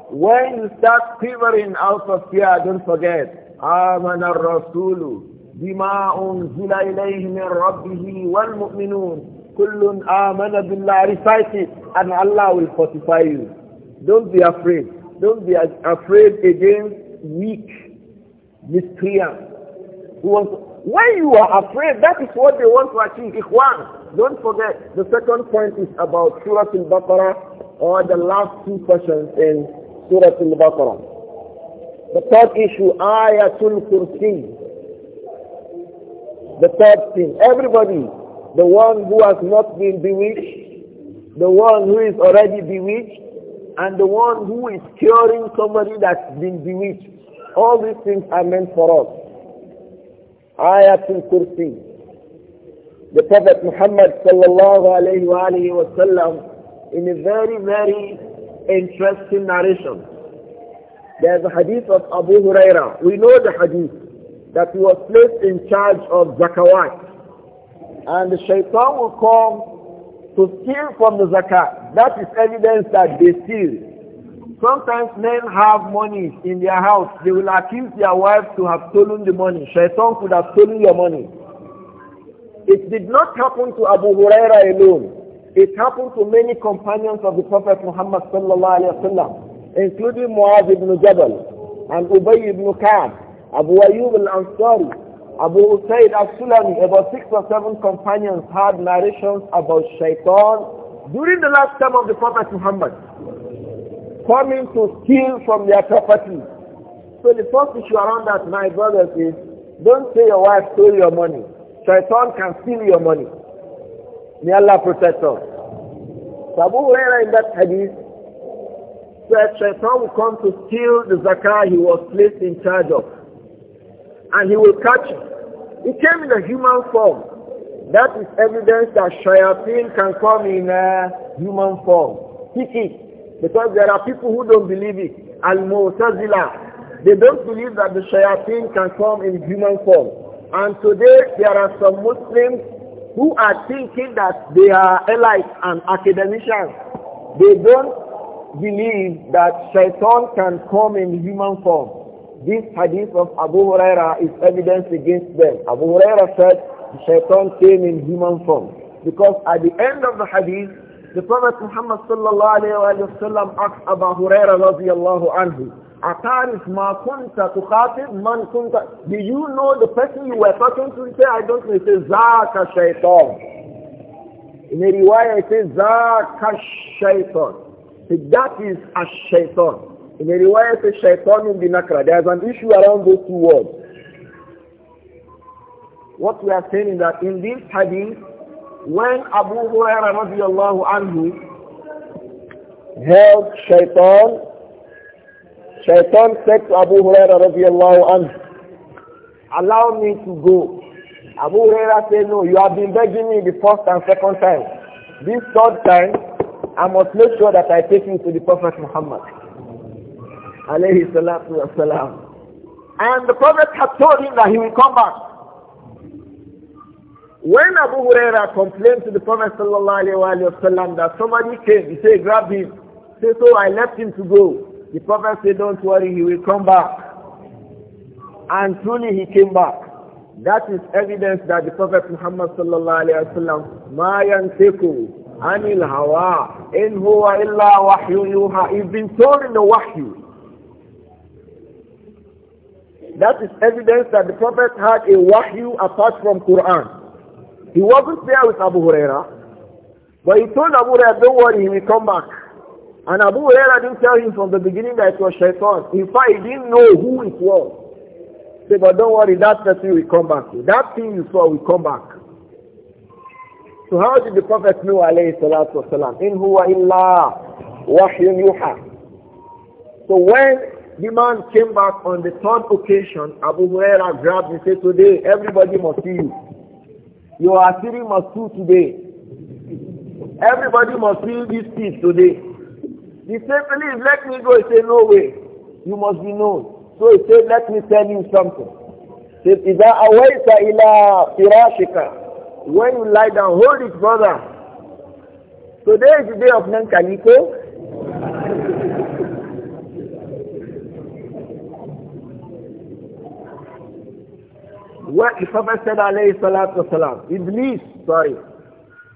When you start quivering out of fear, don't forget, آمن الرسول بما أنزل إليه من ربه والمؤمنون kullun كُلُّنَا آمَنَ recite it and Allah will fortify you. Don't be afraid. Don't be afraid against weak miscreants who want when you are afraid, that is what they want to achieve. Ikhwan, don't forget, the second point is about Surah Al-Baqarah or the last two questions in Surah Al-Baqarah. The third issue, Ayatul Kursi. The third thing, everybody, the one who has not been bewitched, the one who is already bewitched, and the one who is curing somebody that's been bewitched. All these things are meant for us. Ayatul Kursi. The Prophet Muhammad sallallahu alayhi wa sallam in a very, very interesting narration. There's a hadith of Abu Huraira. We know the hadith that he was placed in charge of zakawat. And the shaitan will come to steal from the zakat. That is evidence that they steal. Sometimes men have money in their house. They will accuse their wives to have stolen the money. Shaitan could have stolen your money. It did not happen to Abu Huraira alone. It happened to many companions of the Prophet Muhammad sallallahu alaihi wasallam, including Muaz ibn Jabal and Ubay ibn Ka'b, Abu Ayyub al-Ansari, Abu Usaid al-Sulami. About six or seven companions had narrations about Shaitan during the last time of the Prophet Muhammad coming to steal from their property. So the first issue around that, my brothers, is don't say your wife stole your money. Shaitan can steal your money. May Allah protect us. So Abu Huraira in that hadith said Shaitan will come to steal the zakah he was placed in charge of. And he will catch it. He came in a human form. That is evidence that Shaitan can come in a human form. Kick because there are people who don't believe it. Al-Mu'tazila. They don't believe that the shayateen can come in human form. And today there are some Muslims who are thinking that they are elite and academicians. They don't believe that shaitan can come in human form. This hadith of Abu Huraira is evidence against them. Abu Huraira said shaitan came in human form. Because at the end of the hadith, the Prophet Muhammad sallallahu alayhi wa sallam asked Abu Huraira radiallahu anhu, Atarif ma kunta tukhatib man kunta. Do you know the person you were talking to? He said, I don't know. He says, Zaka shaitan. In a riwayah, it says, Zaka shaitan. That is a shaitan. In a riwayah, it says, shaitan binakra. nakra. There's an issue around those two words. What we are saying is that in this hadith, when Abu Huraira radiallahu anhu held shaitan, shaitan said to Abu Huraira radiallahu anhu, allow me to go. Abu Huraira said, no, you have been begging me the first and second time. This third time, I must make sure that I take you to the Prophet Muhammad. Alayhi salatu wasalam. And the Prophet had told him that he will come back. When Abu Huraira complained to the Prophet wasallam that somebody came, he said, grab him. Say, so I left him to go. The Prophet said, don't worry, he will come back. And truly he came back. That is evidence that the Prophet Muhammad sallallahu alayhi wasallam, ma illa He's been told in the wahyu. That is evidence that the Prophet had a wahyu apart from Quran. He wasn't there with Abu Huraira, but he told Abu Huraira, don't worry, he will come back. And Abu Huraira didn't tell him from the beginning that it was shaitan. In fact, he didn't know who it was. He said, but don't worry, that person will come back. That thing you saw will come back. So how did the Prophet know, alayhi salatu wasalam? In huwa illa wahyun yuha. So when the man came back on the third occasion, Abu Huraira grabbed and said, today everybody must see you. You are feeling must today. Everybody must feel this peace today. He said, "Please let me go. He said, no way. You must be known. So he said, let me tell you something. He said, إِذَا أَوَيْتَ إِلَىٰ فِرَاشِكَ When you lie down, hold it, brother. Today is the day of Nankaliko. what the Prophet said, alayhi salatu wasalam, Iblis, sorry.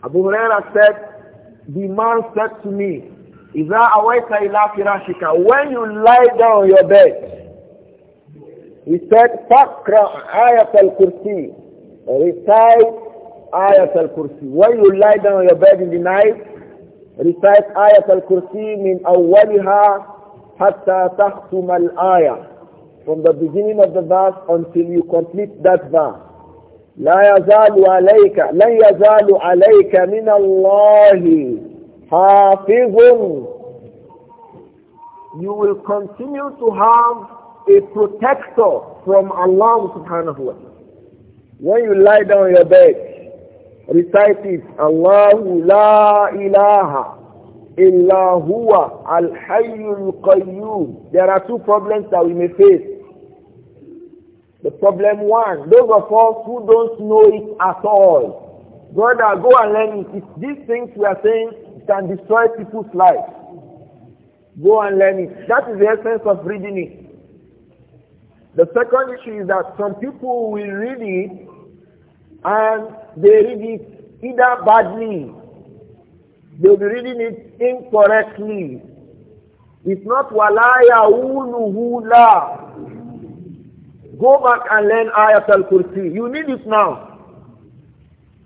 Abu Huraira said, the man said to me, إِذَا أَوَيْتَ ila firashika". When you lie down on your bed, he said, "Ayat al-kursi", Recite Ayat al-Kursi. When you lie down on your bed in the night, recite Ayat al-Kursi min awwaliha hatta tahtum al-ayah from the beginning of the verse until you complete that verse. لا يزال عليك لن يزال عليك من الله حافظ You will continue to have a protector from Allah subhanahu wa ta'ala. When you lie down on your bed, recite it, Allahu la ilaha إِلَّا هُوَ الْحَيُّ qayyum There are two problems that we may face. The problem one, those of us who don't know it at all. Brother, go and learn it. these things we are saying can destroy people's lives. Go and learn it. That is the essence of reading it. The second issue is that some people will read it and they read it either badly They'll be reading it incorrectly. It's not walaya yauluhu la. Go back and learn ayat al-kursi. You need it now.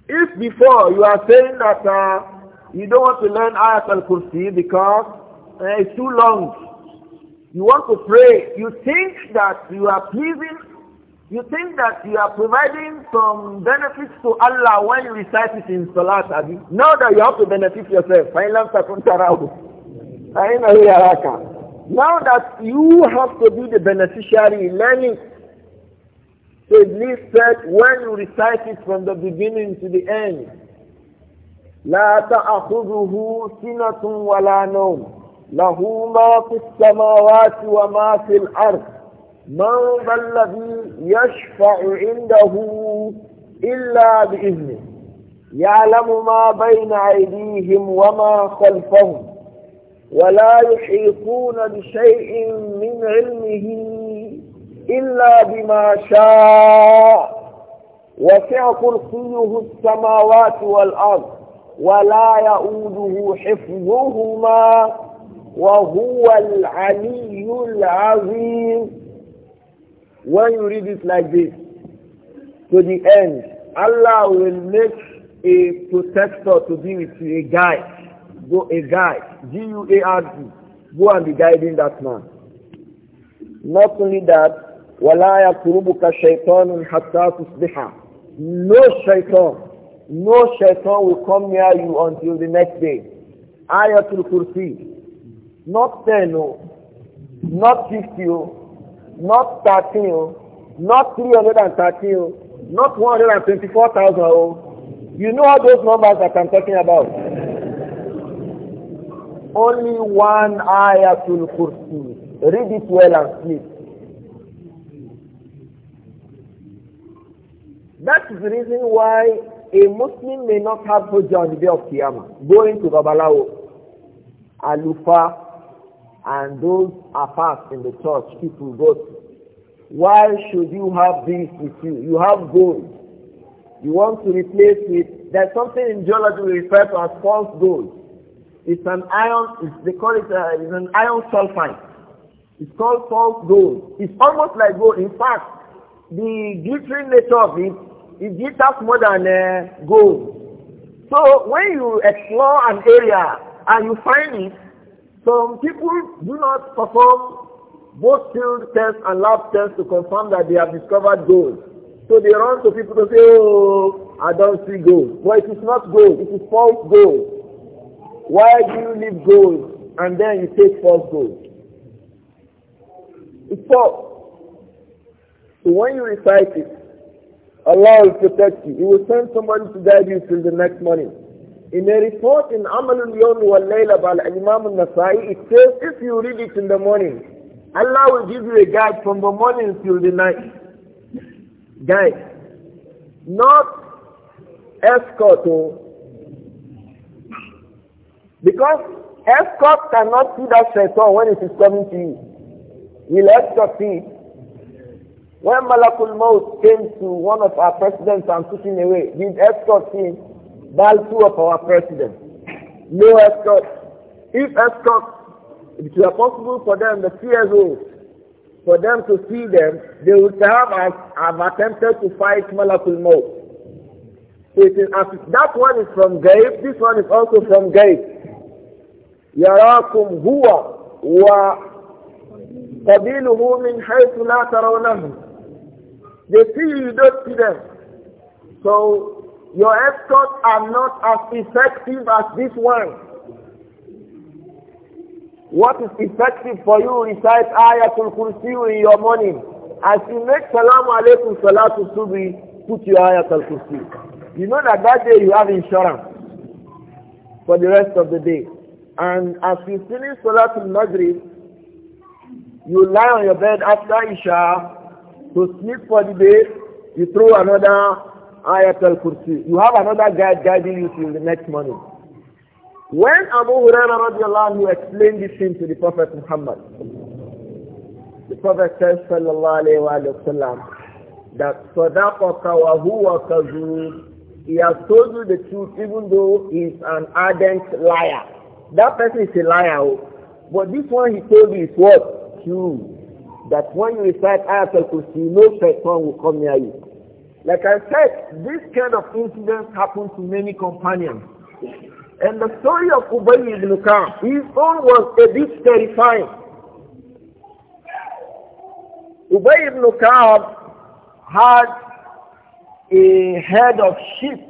If before you are saying that uh, you don't want to learn ayat al-kursi because uh, it's too long, you want to pray, you think that you are pleasing you think that you are providing some benefits to Allah when you recite it in Salat, Abi? Now that you have to benefit yourself. Now that you have to be the beneficiary learning. So least said, when you recite it from the beginning to the end, لا تأخذه سنة ولا نوم له ما في السماوات وما في الأرض من ذا الذي يشفع عنده إلا بإذنه يعلم ما بين أيديهم وما خلفهم ولا يحيطون بشيء من علمه إلا بما شاء وسع كرسيه السماوات والأرض ولا يؤوده حفظهما وهو العلي العظيم When you read it like this, to the end, Allah will make a protector to be with you, a guide. Go, a guide. G-U-A-R-D. Go and be guiding that man. Not only that, وَلَا يَقْرُبُكَ شَيْطَانٌ حَتَّى تُصْبِحَ No shaitan, no shaitan will come near you until the next day. Ayatul Kursi. Not 10, no. Oh. Not 50, not thirteen o not three hundred and thirteen o not one hundred and twenty-four thousand o you know all those numbers that i'm talking about only one eye for kursi read it well and sleep that is the reason why a muslim may not have hojah on the day of qiyamah going to babalawo alufa and those apart in the church people go to. Why should you have this with you? You have gold. You want to replace it. There's something in geology we refer to as false gold. It's an iron, it's, they call it, uh, it's an iron sulfide. It's called false gold. It's almost like gold. In fact, the glittering nature of it, it glitters more than uh, gold. So when you explore an area and you find it, some people do not perform both field tests and lab tests to confirm that they have discovered gold. So they run to people to say, oh, I don't see gold. Well, it is not gold. It is false gold. Why do you leave gold and then you take false gold? It's false. So when you recite it, Allah will protect you. He will send somebody to guide you till the next morning. In a report in Amalul Yawm wal Layla by Imam al-Nasai, it says if you read it in the morning, Allah will give you a guide from the morning till the night. Guide. Not escort. Oh. Because escort cannot see that shaitan when it is coming to you. Will escort see When Malakul Maut came to one of our presidents and took him away, did escort see him? Balfour of our president. No escort. If escort, it were possible for them, the CSO, for them to see them, they would have, have attempted to fight Malakul Maut. that one is from Gaib, this one is also from Gaib. يراكم هو وقبيله من حيث لا ترونهم. They see you, you don't see them. So your efforts are not as effective as this one. What is effective for you? Recite Ayatul Kursi in your morning. As you make Salam Alaikum Salatu Subi, put your Ayatul Kursi. You know that that day you have insurance for the rest of the day. And as you finish Salatul Maghrib, you lie on your bed after Isha to sleep for the day, you throw another Ayat al-Kursi. You have another guide guiding you till the next morning. When Abu Hurairah radiallahu explained this thing to the Prophet Muhammad, the Prophet says sallallahu alayhi wa sallam that sadaqaka wa huwa kazoor. He has told you the truth even though he is an ardent liar. That person is a liar. Oh. But this one he told you is what? True. That when you recite Ayat al-Kursi, no shaitan will come near you. Like I said, this kind of incidents happened to many companions. And the story of Ubay ibn Ka'b, his own was a bit terrifying. Ubay ibn Ka'b had a herd of sheep.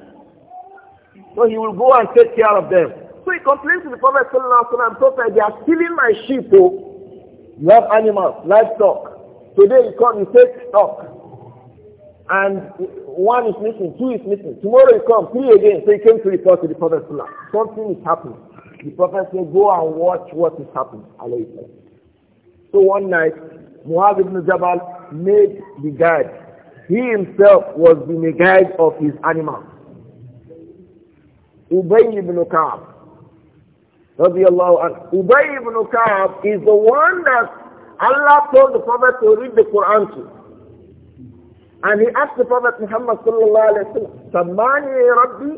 So he will go and take care of them. So he complains to the Prophet Sallallahu Alaihi Wasallam, they are stealing my sheep, oh. You have animals, livestock. Today you come, you take stock and one is missing, two is missing. Tomorrow you come, three again. So he came to report to the Prophet Something is happening. The Prophet said, go and watch what is happening. So one night, Muhammad ibn Jabal made the guide. He himself was the guide of his animal. Ubay ibn Ka'ab. Ubay ibn Ka'ab is the one that Allah told the Prophet to read the Quran to. And he asked the Prophet Muhammad sallallahu alayhi wa sallam, Rabbi,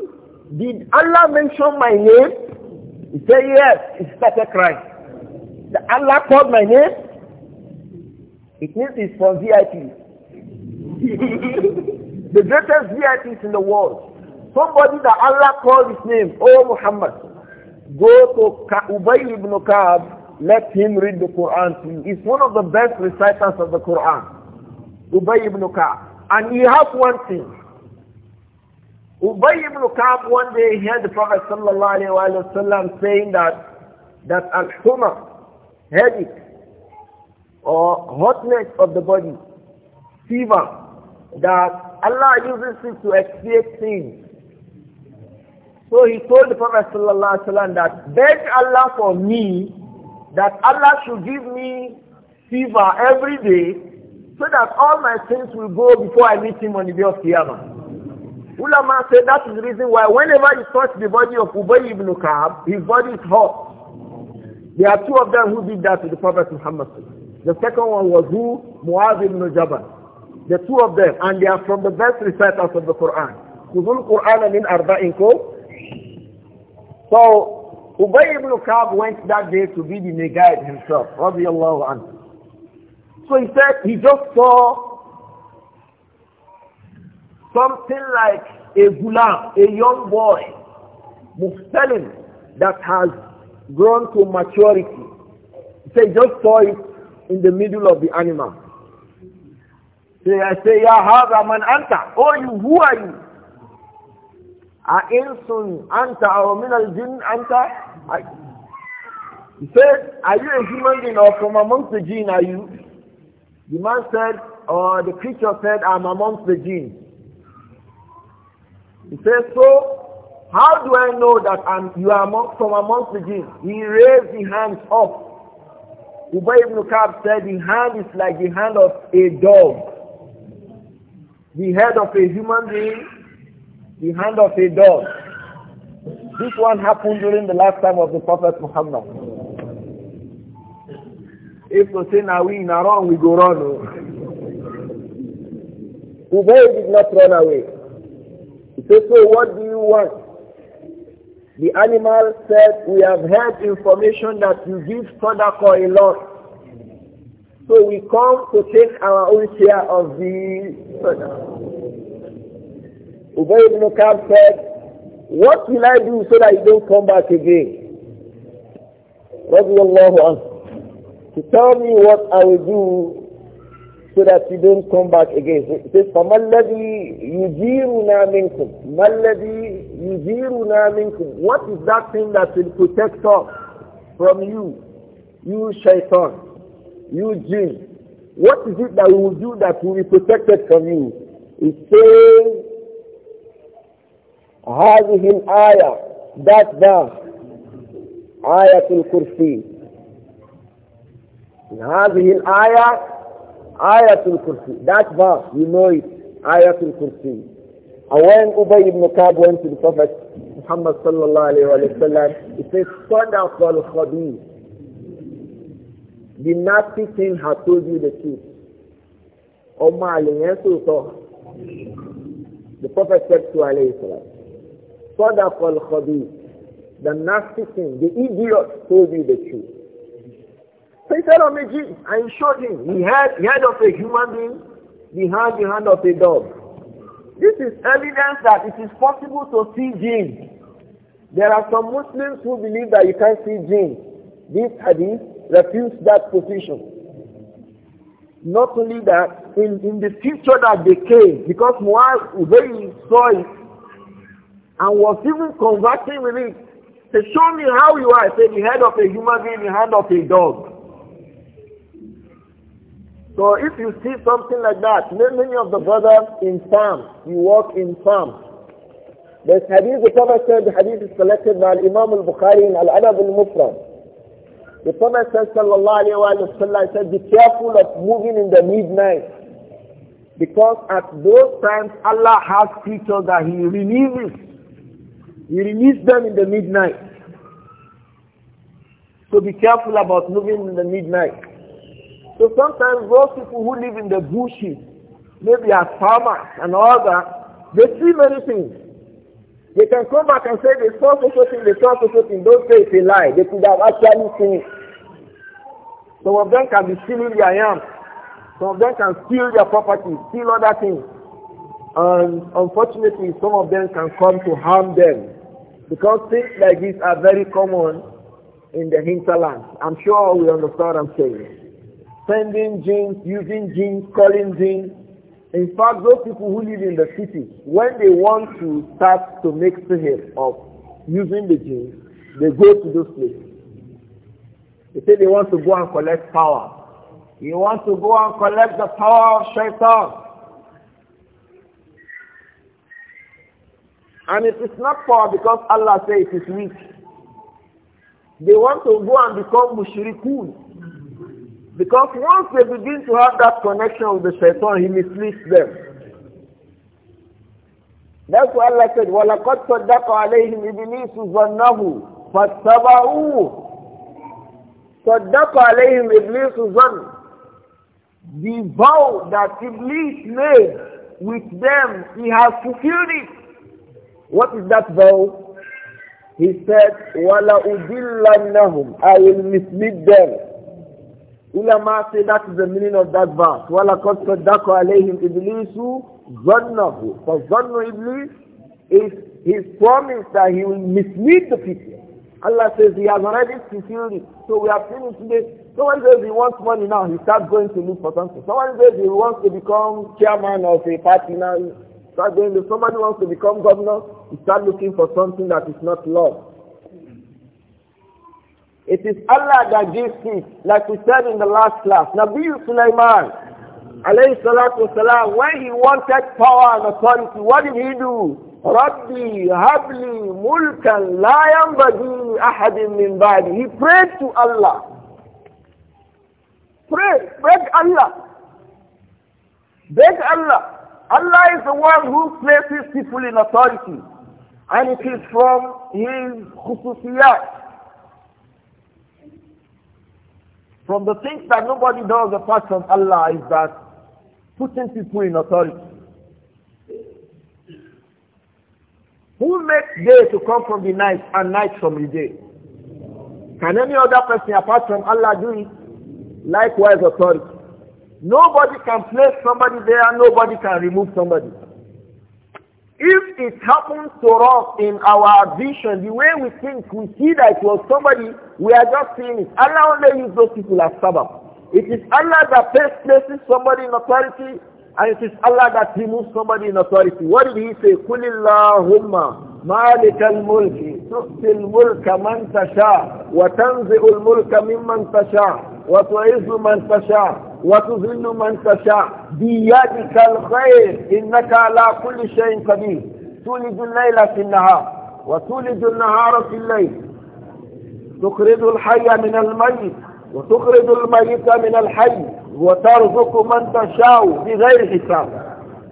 did Allah mention my name? He said yes. He started crying. The Allah called my name? It means it's from VIP. the greatest VIPs in the world. Somebody that Allah called his name, oh Muhammad, go to Ubay ibn Ka'ab, let him read the Quran to you. He's one of the best reciters of the Quran. Ubay ibn Ka'ab. And he have one thing. Ubay ibn Ka'b one day he heard the Prophet sallallahu alayhi wa saying that, that al huma headache, or hotness of the body, fever, that Allah uses it to expiate sins. So he told the Prophet sallallahu alayhi wa that beg Allah for me that Allah should give me fever every day so that all my sins will go before I meet him on the day of Qiyamah. Ulama said that is the reason why whenever you touch the body of Ubay ibn Ka'ab, his body is hot. There are two of them who did that to the Prophet Muhammad. The second one was who? Muaz ibn Jabal. The two of them, and they are from the best reciters of the Quran. Kuzul Quran min arba'inko. So, Ubay ibn Ka'ab went that day to be the Negaid himself, radiallahu anhu. So he said he just saw something like a gulam, a young boy, Muftalim, that has grown to maturity. He said he just saw it in the middle of the animal. So I say, Ya Haga man anta. Oh, you, who are you? A'insun anta aw min al anta? He said, are you a human being or from amongst the jinn are you? The man said, or the creature said, I'm amongst the jinn. He says, so how do I know that I'm, you are among, from amongst the jinn? He raised the hands up. Ubay ibn Ka'b said, the hand is like the hand of a dog. The head of a human being, the hand of a dog. This one happened during the lifetime of the Prophet Muhammad. If we say now we in a run, we go run. Oh. Ubay did not run away. He said, so what do you want? The animal said, we have heard information that you give Sadaqah a lot. So we come to take our own share of the Sadaqah. Ubay ibn Kab said, what will I do so that you don't come back again? رضي الله عنه to tell me what I will do so that you don't come back again. It says, فَمَا الَّذِي يُجِيرُنَا مِنْكُمْ مَا الَّذِي يُجِيرُنَا مِنْكُمْ What is that thing that will protect us from you? You shaitan, you jinn. What is it that we will do that will be protected from you? It says, هذه الآية that verse آية الكرسي in هذه الآية آية الكرسي That you know it, آية الكرسي And when Ubay ibn Kab went to the Prophet Muhammad sallallahu alayhi wa sallam, he said, صدق الخبيث The nasty thing has told you the truth. ọmọ àlèyàn sòtọ the prophet said to alayhi salam sọdà kọlùkọbì the nasty thing the idiot told you the truth so he said, I'm a And he showed him. He had, the head of a human being behind the hand of a dog. This is evidence that it is possible to see jinn. There are some Muslims who believe that you can't see jinn. This hadith refutes that position. Not only that, in, in the future that they came, because Muaz Ubay saw it and was even conversing with it, they showed me how you are. I said, the head of a human being, the hand of a dog. So if you see something like that, many of the brothers in farm, you walk in farm. This hadith, the Prophet said, the hadith is collected by Imam al-Bukhari in Al-Adab al-Mufram. The Prophet said, sallallahu alayhi wa sallam, said, be careful of moving in the midnight. Because at those times, Allah has creatures that He releases. He releases them in the midnight. So be careful about moving in the midnight. So sometimes those people who live in the bushes, maybe as farmers and all that, they see many things. They can come back and say they saw so thing, they saw so thing. Don't say it's a lie. They could have actually seen it. Some of them can be stealing their yams. Some of them can steal their property, steal other things. And unfortunately, some of them can come to harm them. Because things like this are very common in the hinterland. I'm sure we understand what I'm saying sending jinns, using jinns, calling jinns. In fact, those people who live in the city, when they want to start to make sihir of using the jinns, they go to those places. They say they want to go and collect power. You want to go and collect the power of shaitan. And it is not power because Allah says it is weak. They want to go and become mushrikun. Because once they begin to have that connection with the shaitan, he misleads them. That's why Allah said, وَلَقَدْ صَدَّقَ عَلَيْهِمْ إِبْلِيسُ ظَنَّهُ فَاتَّبَعُوهُ صَدَّقَ عَلَيْهِمْ إِبْلِيسُ ظَنَّ The vow that Iblis made with them, he has fulfilled it. What is that vow? He said, وَلَأُدِلَّنَّهُمْ I will mislead them. Ulama say that is the meaning of that verse. وَلَقَدْ صَدَّقَ عَلَيْهِمْ إِبْلِيسُ For فَظَنُّ إِبْلِيسُ is his promise that he will mislead the people. Allah says he has already fulfilled it. So we have seen it today. Someone says he wants money now, he starts going to look for something. Someone says he wants to become chairman of a party now, start going to, somebody wants to become governor, he starts looking for something that is not love. It is Allah that gives it, like we said in the last class. Nabi Sulaiman, alayhi salatu salam. when he wanted power and authority, what did he do? Rabbi habli mulkan la yanbaghi ahadin min ba'di. He prayed to Allah. Pray, beg Allah. Beg Allah. Allah is the one who places people in authority. And it is from his khususiyat. From the things that nobody does apart from Allah is that putting people in authority. Who makes day to come from the night and night from the day? Can any other person apart from Allah do it? Likewise authority. Nobody can place somebody there, nobody can remove somebody. If it happens to us in our vision, the way we think, we see that it was somebody, we are just seeing it. Allah only uses those people as sabab. It is Allah that places somebody in authority, and it is Allah that removes somebody in authority. What did he say? قُلِ اللَّهُمَّ مَالِكَ الْمُلْكِ تُؤْتِي الْمُلْكَ مَنْ تَشَاءُ وَتَنْزِعُ الْمُلْكَ مِمَّنْ تَشَاءُ وَتُعِزُّ مَنْ تَشَاءُ وتذل من تشاء بيدك الخير إنك على كل شيء قدير تولد الليل في النهار وتولد النهار في الليل تخرج الحي من الميت وتخرج الميت من الحي وترزق من تشاء بغير حساب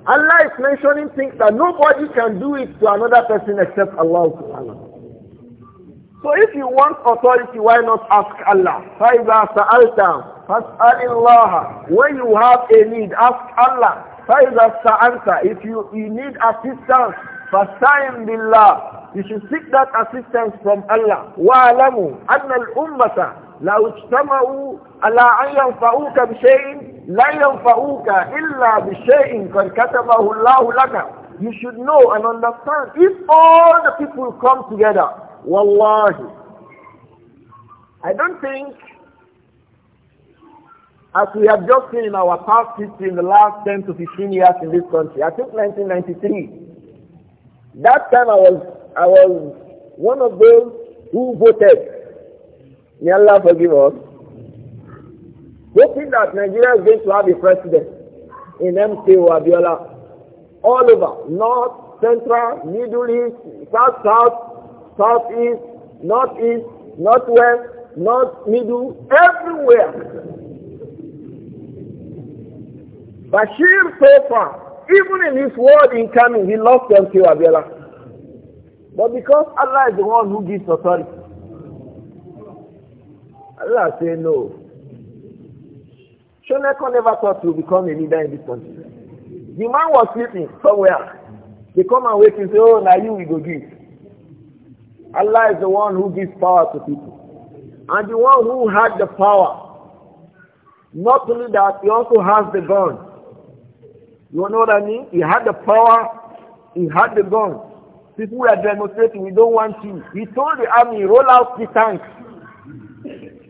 Allah is mentioning things that nobody can do it to another person except Allah subhanahu So if you want authority, why not ask Allah? فَإِذَا سَأَلْتَ فَاسْأَلِ اللَّهَ When you have a need, ask Allah. فَإِذَا سَأَلْتَ If you, you need assistance, فَاسْتَعِنْ بِاللَّهِ You should seek that assistance from Allah. وَأَلَمُوا أَنَّ الْأُمَّةَ لَوْ اجْتَمَعُوا عَلَىٰ أَنْ يَنْفَعُوكَ بِشَيْءٍ لَا يَنْفَعُوكَ إِلَّا بِشَيْءٍ قَدْ كَتَبَهُ اللَّهُ لَكَ You should know and understand if all the people come together Wallahi. I don't think, as we have just seen in our past history in the last 10 to 15 years in this country, I think 1993, that time I was, I was one of those who voted. May Allah forgive us. Hoping that Nigeria is going to have a president in MKO Abiola, all over, north, central, middle east, south, south, southeast, northeast, northwest, north, middle, everywhere. Bashir so far, even in his word incoming, he lost them to Abiola. But because Allah is the one who gives authority, Allah say no. Shoneko never thought to become a leader in this country. The man was sleeping somewhere. They come and wake him say, oh, now you will go give. Allah is the one who gives power to people. And the one who had the power, not only that, he also has the gun. You know what I mean? He had the power, he had the gun. People were demonstrating, we don't want you. He told the army, roll out the tanks.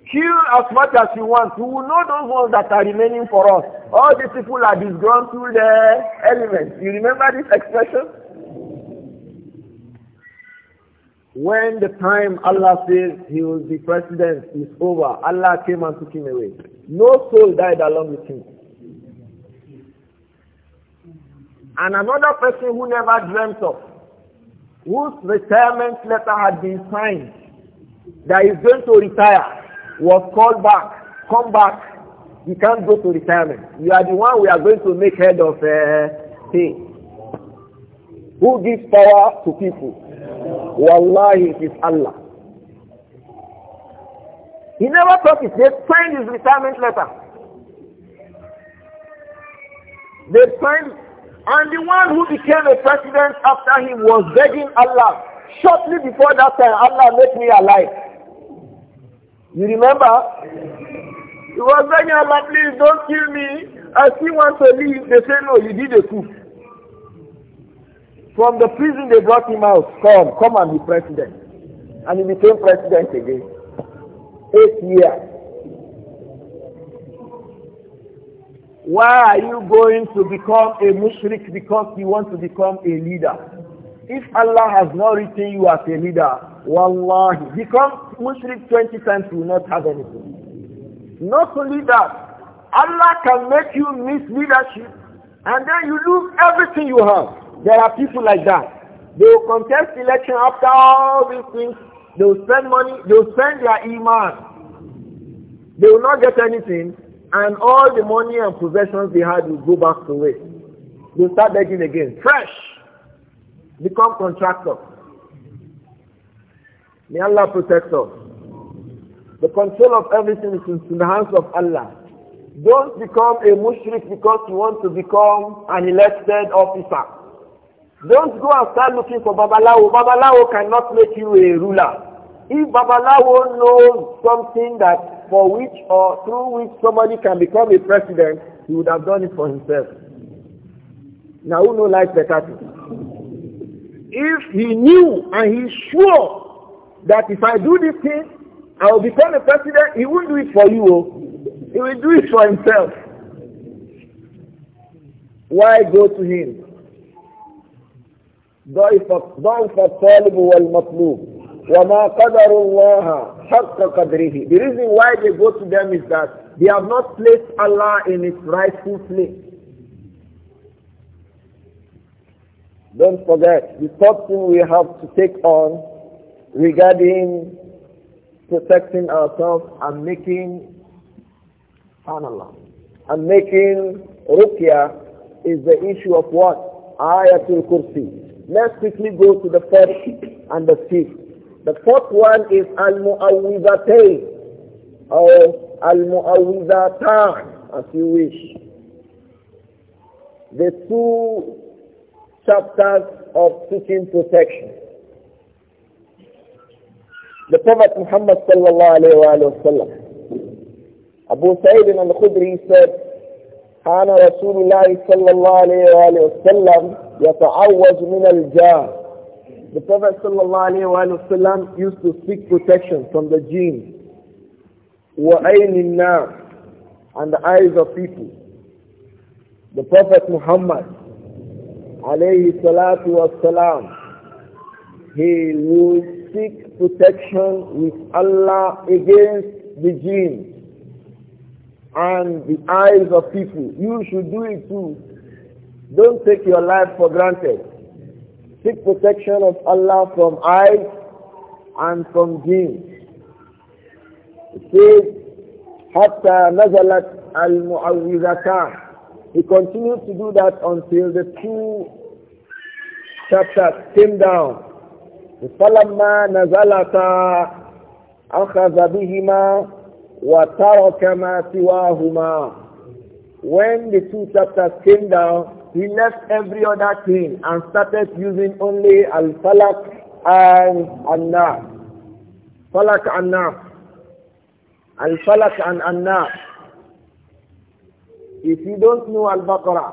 Kill as much as you want. You will know those ones that are remaining for us. All these people are disgruntled uh, elements. You remember this expression? When the time Allah says he will be president is over, Allah came and took him away. No soul died along with him. And another person who never dreamt of, whose retirement letter had been signed, that is going to retire, was called back, come back, you can't go to retirement. You are the one we are going to make head of uh, thing. Who gives power to people? Wallahi, it is Allah. He never thought it. They signed his retirement letter. They signed, and the one who became a president after him was begging Allah. Shortly before that time, Allah made me alive. You remember? He was begging Allah, please don't kill me. I still want to leave. They said, no, you did a coup. From the prison they brought him out. Come, come and be president. And he became president again. Eight years. Why are you going to become a mushrik because you want to become a leader? If Allah has not written you as a leader, wallahi, become mushrik 20 times you will not have anything. Not only that, Allah can make you miss leadership and then you lose everything you have. There are people like that. They will contest election after all these things. They will spend money. They will spend their iman. They will not get anything. And all the money and possessions they had will go back to waste. They will start begging again. Fresh. Become contractors. May Allah protect us. The control of everything is in the hands of Allah. Don't become a mushrik because you want to become an elected officer. Don't go and start looking for Babalawo. Babalawo cannot make you a ruler. If Babalawo knows something that for which or through which somebody can become a president, he would have done it for himself. Now who knows life better? If he knew and he's sure that if I do this thing, I will become a president, he won't do it for you. Oh. He will do it for himself. Why go to him? ضعف الطالب والمطلوب وما قدر الله حق قدره the reason why they go to them is that they have not placed Allah in its rightful place don't forget the top thing we have to take on regarding protecting ourselves and making subhanallah and making ruqya is the issue of what ayatul kursi Let's quickly go to the fourth and the fifth. The fourth one is Al-Mu'awwidatayn or Al-Mu'awwidatan as you wish. The two chapters of seeking protection. The Prophet Muhammad sallallahu alayhi wa sallam Abu Sa'id al-Khudri said, كان رسول الله صلى الله عليه وآله وسلم يتعوذ من الجاه the Prophet ﷺ used to seek protection from the jinn وَعَيْنِ النَّاسِ and the eyes of people. The Prophet Muhammad alayhi salatu wasalam, he would seek protection with Allah against the jinn and the eyes of people. You should do it too. Don't take your life for granted. Seek protection of Allah from eyes and from jinn. He says, Nazalat al المعوذتان He continued to do that until the two chapters came down. فلما نزلتا أخذ بهما وترك ما سواهما When the two chapters came down, he left every other thing and started using only al-falak and anna Falak and Al-falak and anna If you don't know al-Baqarah,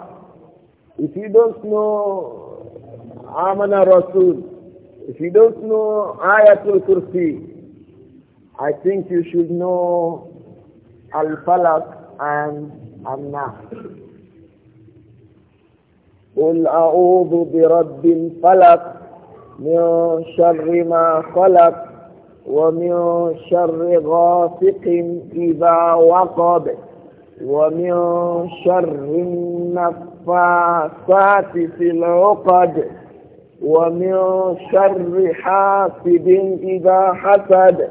if you don't know Amana Rasul, if you don't know Ayatul Kursi, I think you should know Al-Falak and anna قل أعوذ برب الفلق من شر ما خلق ومن شر غاسق إذا وقب ومن شر النفاسات في العقد ومن شر حاسد إذا حسد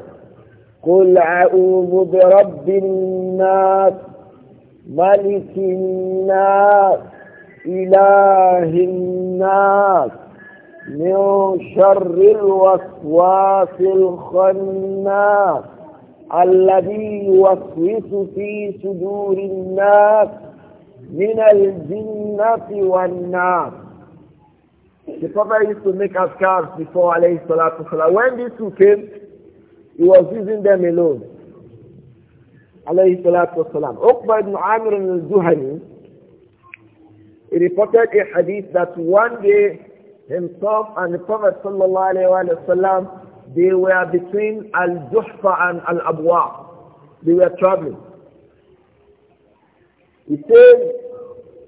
قل أعوذ برب الناس ملك الناس إله الناس من شر الوسواس الخناس الذي يوسوس في صدور الناس من الجنة والناس The Prophet used to make askars before alayhi salatu salam. When these two came, he was using them alone. Alayhi salatu salam. Uqba ibn Amir al-Zuhani He reported a hadith that one day himself and the Prophet وسلم, they were between Al-Juhfa and Al-Abwa. They were traveling. He says,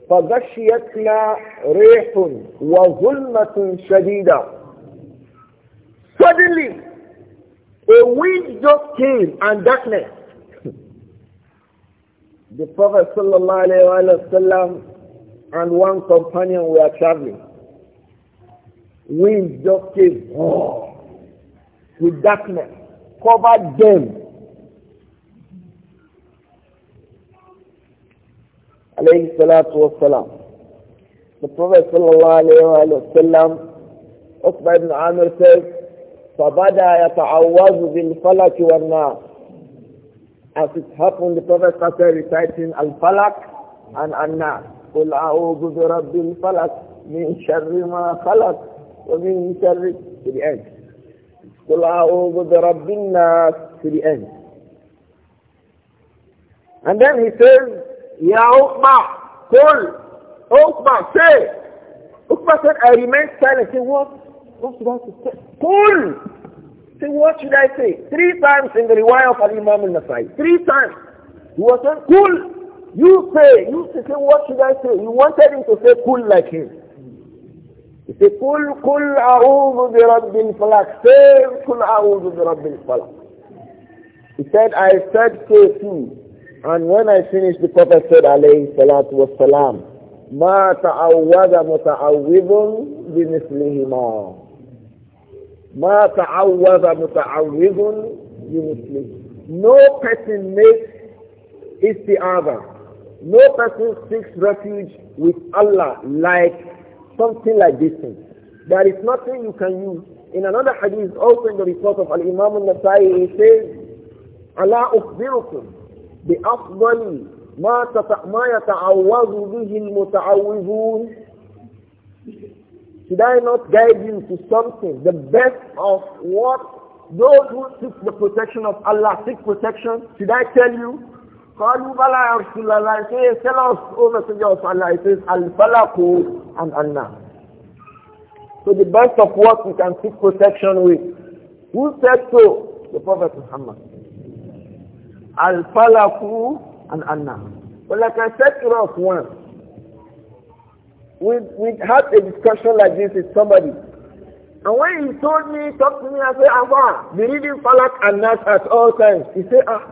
فغشيتنا ريح وظلمة شديدة Suddenly, a wind just came and darkness. the Prophet sallallahu wa sallam and one companion were traveling. winds just came oh, with darkness, covered them. Alayhi salatu salam. The Prophet sallallahu alayhi wa sallam, Uqba ibn Amir says, فَبَدَا يَتَعَوَّذُ بِالْفَلَكِ وَالنَّاسِ As it happened, the Prophet started reciting Al-Falak and An-Nas. قل أعوذ برب الفلق من شر ما خلق ومن شر في the قل أعوذ برب الناس في the and then he says Ya Uqba, call, Uqba, say Uqba said I remain silent say what what should I say Call. say what should I say three times in the riwayah of Al-Imam al-Nasai three times he was saying قل You say, you say, what should I say? You wanted him to say cool like him. He said, cool, cool, a'udhu bi rabbil falak. Say, cool, a'udhu bi rabbil falak. He said, I said so too. And when I finished, the Prophet said, alayhi salatu was salam, ma ta'awwada muta'awwidun bimislihima. Ma ta'awwada muta'awwidun bimislihima. No person makes it the other. No person seeks refuge with Allah like something like this thing. There is nothing you can use. In another hadith, also in the report of Al-Imam al-Nasai, he says, "Allah أخبركم بأفضل ما يتعوذ به المتعوذون Should I not guide you to something, the best of what those who seek the protection of Allah seek protection? Should I tell you? قالوا بلى يا رسول الله he tell us O Messenger of Allah he says al falaq and anna so the best of what we can seek protection with who said so the Prophet Muhammad al falaq and anna but like I said to us once we we had a discussion like this with somebody and when he told me talk to me I said "Ah, believe reading falak and nas at all times he said ah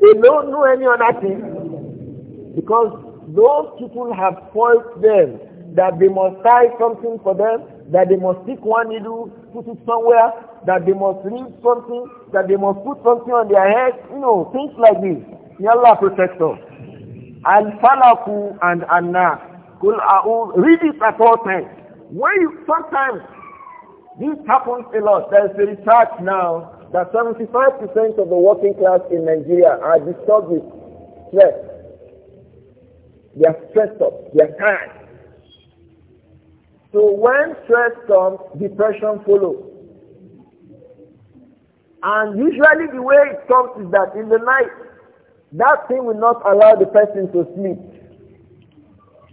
they don't know any other thing because those people have told them that they must tie something for them, that they must take one needle, put it somewhere, that they must read something, that they must put something on their head, you know, things like this. May Allah protect us. Al-Falaku and Anna. Read it at all times. When you, sometimes, this happens a lot. There is a research now that 75% of the working class in Nigeria are disturbed with stress. They are stressed up. They are tired. So when stress comes, depression follows. And usually the way it comes is that in the night, that thing will not allow the person to sleep.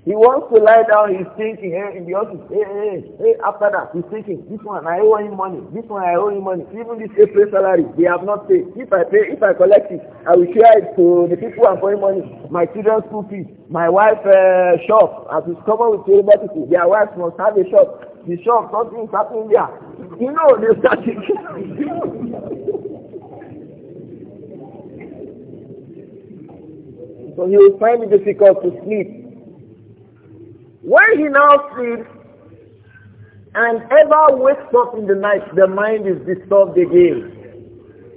He wants to lie down, he's thinking, hey, eh, in the office, hey, hey, eh, eh, hey, after that, he's thinking, this one, I owe him money, this one, I owe him money. Even this April salary, they have not paid. If I pay, if I collect it, I will share it to the people I'm paying money, my children's school fees, my wife's uh, shop, as is common with Yoruba people, their wife must have a shop. The shop, something is happening there. You know, they start thinking. So he will find it difficult to sleep when he now sleeps and ever wakes up in the night, the mind is disturbed again.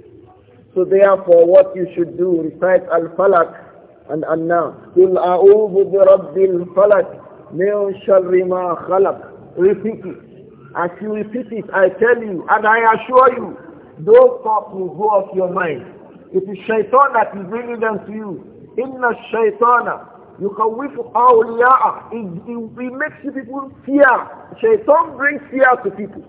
So therefore, what you should do, recite Al-Falaq and Anna. Qul a'udhu bi rabbil falaq min sharri ma khalaq. Repeat it. As you repeat it, I tell you and I assure you, those thoughts will go off your mind. It is shaitan that is bringing them to you. Inna shaitana يخوف أولياءه he, he, It makes people fear shaitan brings fear to people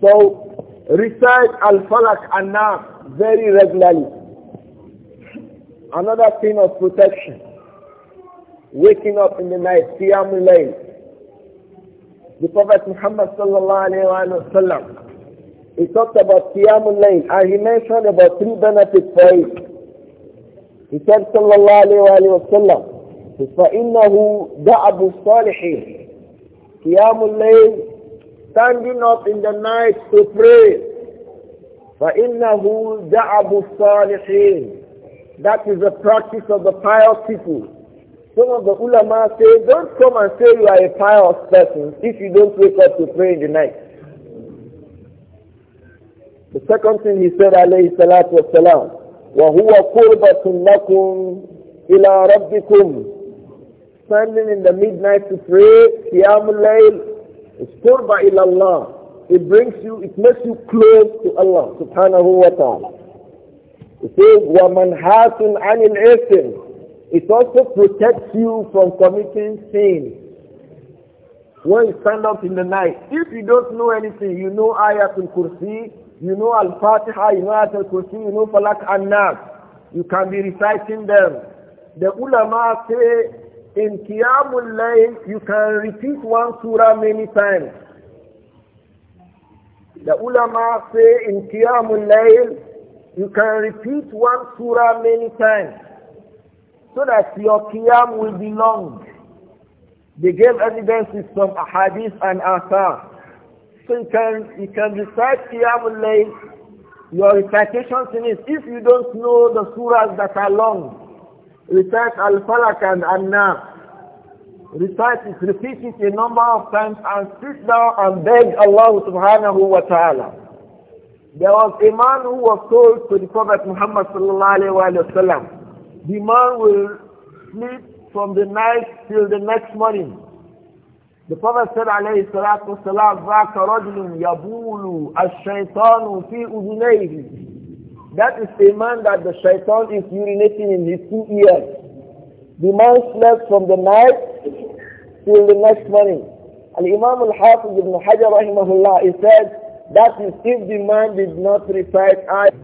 so recite Al-Falak An-Nas very regularly another thing of protection waking up in the night Qiyamul Layl the Prophet Muhammad sallallahu alayhi wa sallam he talked about Qiyamul Layl and he mentioned about three benefits for it he said, sallallahu alayhi wa sallam, فَإِنَّهُ دَعَبُ الصَّالِحِينَ قِيَامُ اللَّيْلِ Standing up in the night to pray. فَإِنَّهُ دَعَبُ الصَّالِحِينَ That is the practice of the pious people. Some of the ulama say, don't come and say you are a pious person if you don't wake up to pray in the night. The second thing he said, alayhi salatu wasalam, وَهُوَ قُرْبَةٌ لَكُمْ إِلَىٰ رَبِّكُمْ Standing in the midnight to pray, Qiyamul is qurba ila Allah. It brings you, it makes you close to Allah subhanahu wa ta'ala. It says, وَمَنْهَاتٌ عَنِ الْإِثْمِ It also protects you from committing sin. When you stand up in the night, if you don't know anything, you know Ayatul Kursi, you know Al-Fatiha, you know Ayatul Kursi, you know Falak an Nas. You can be reciting them. The ulama say in Qiyamul Layl you can repeat one surah many times. The ulama say in Qiyamul Layl you can repeat one surah many times so that your Qiyam will be long. They gave evidence with some ahadith and asa. So you can, you can recite Qiyamul Layl, your recitations in it. If you don't know the surahs that are long, recite Al-Falaq and An-Nas. Recite it, repeat it a number of times and sit down and beg Allah subhanahu wa ta'ala. There was a man who was told to the Prophet Muhammad sallallahu alaihi wasallam, the man will sleep from the night till the next morning. The Prophet said, alayhi salatu wasalam, ذَاكَ رَجْلٌ يَبُولُ الشَّيْطَانُ فِي أُذُنَيْهِ That is a man that the shaitan is urinating in his two ears. The man slept from the night till the next morning. Al-Imam al-Hafiz ibn Hajar rahimahullah, he said, that is if the man did not recite ayat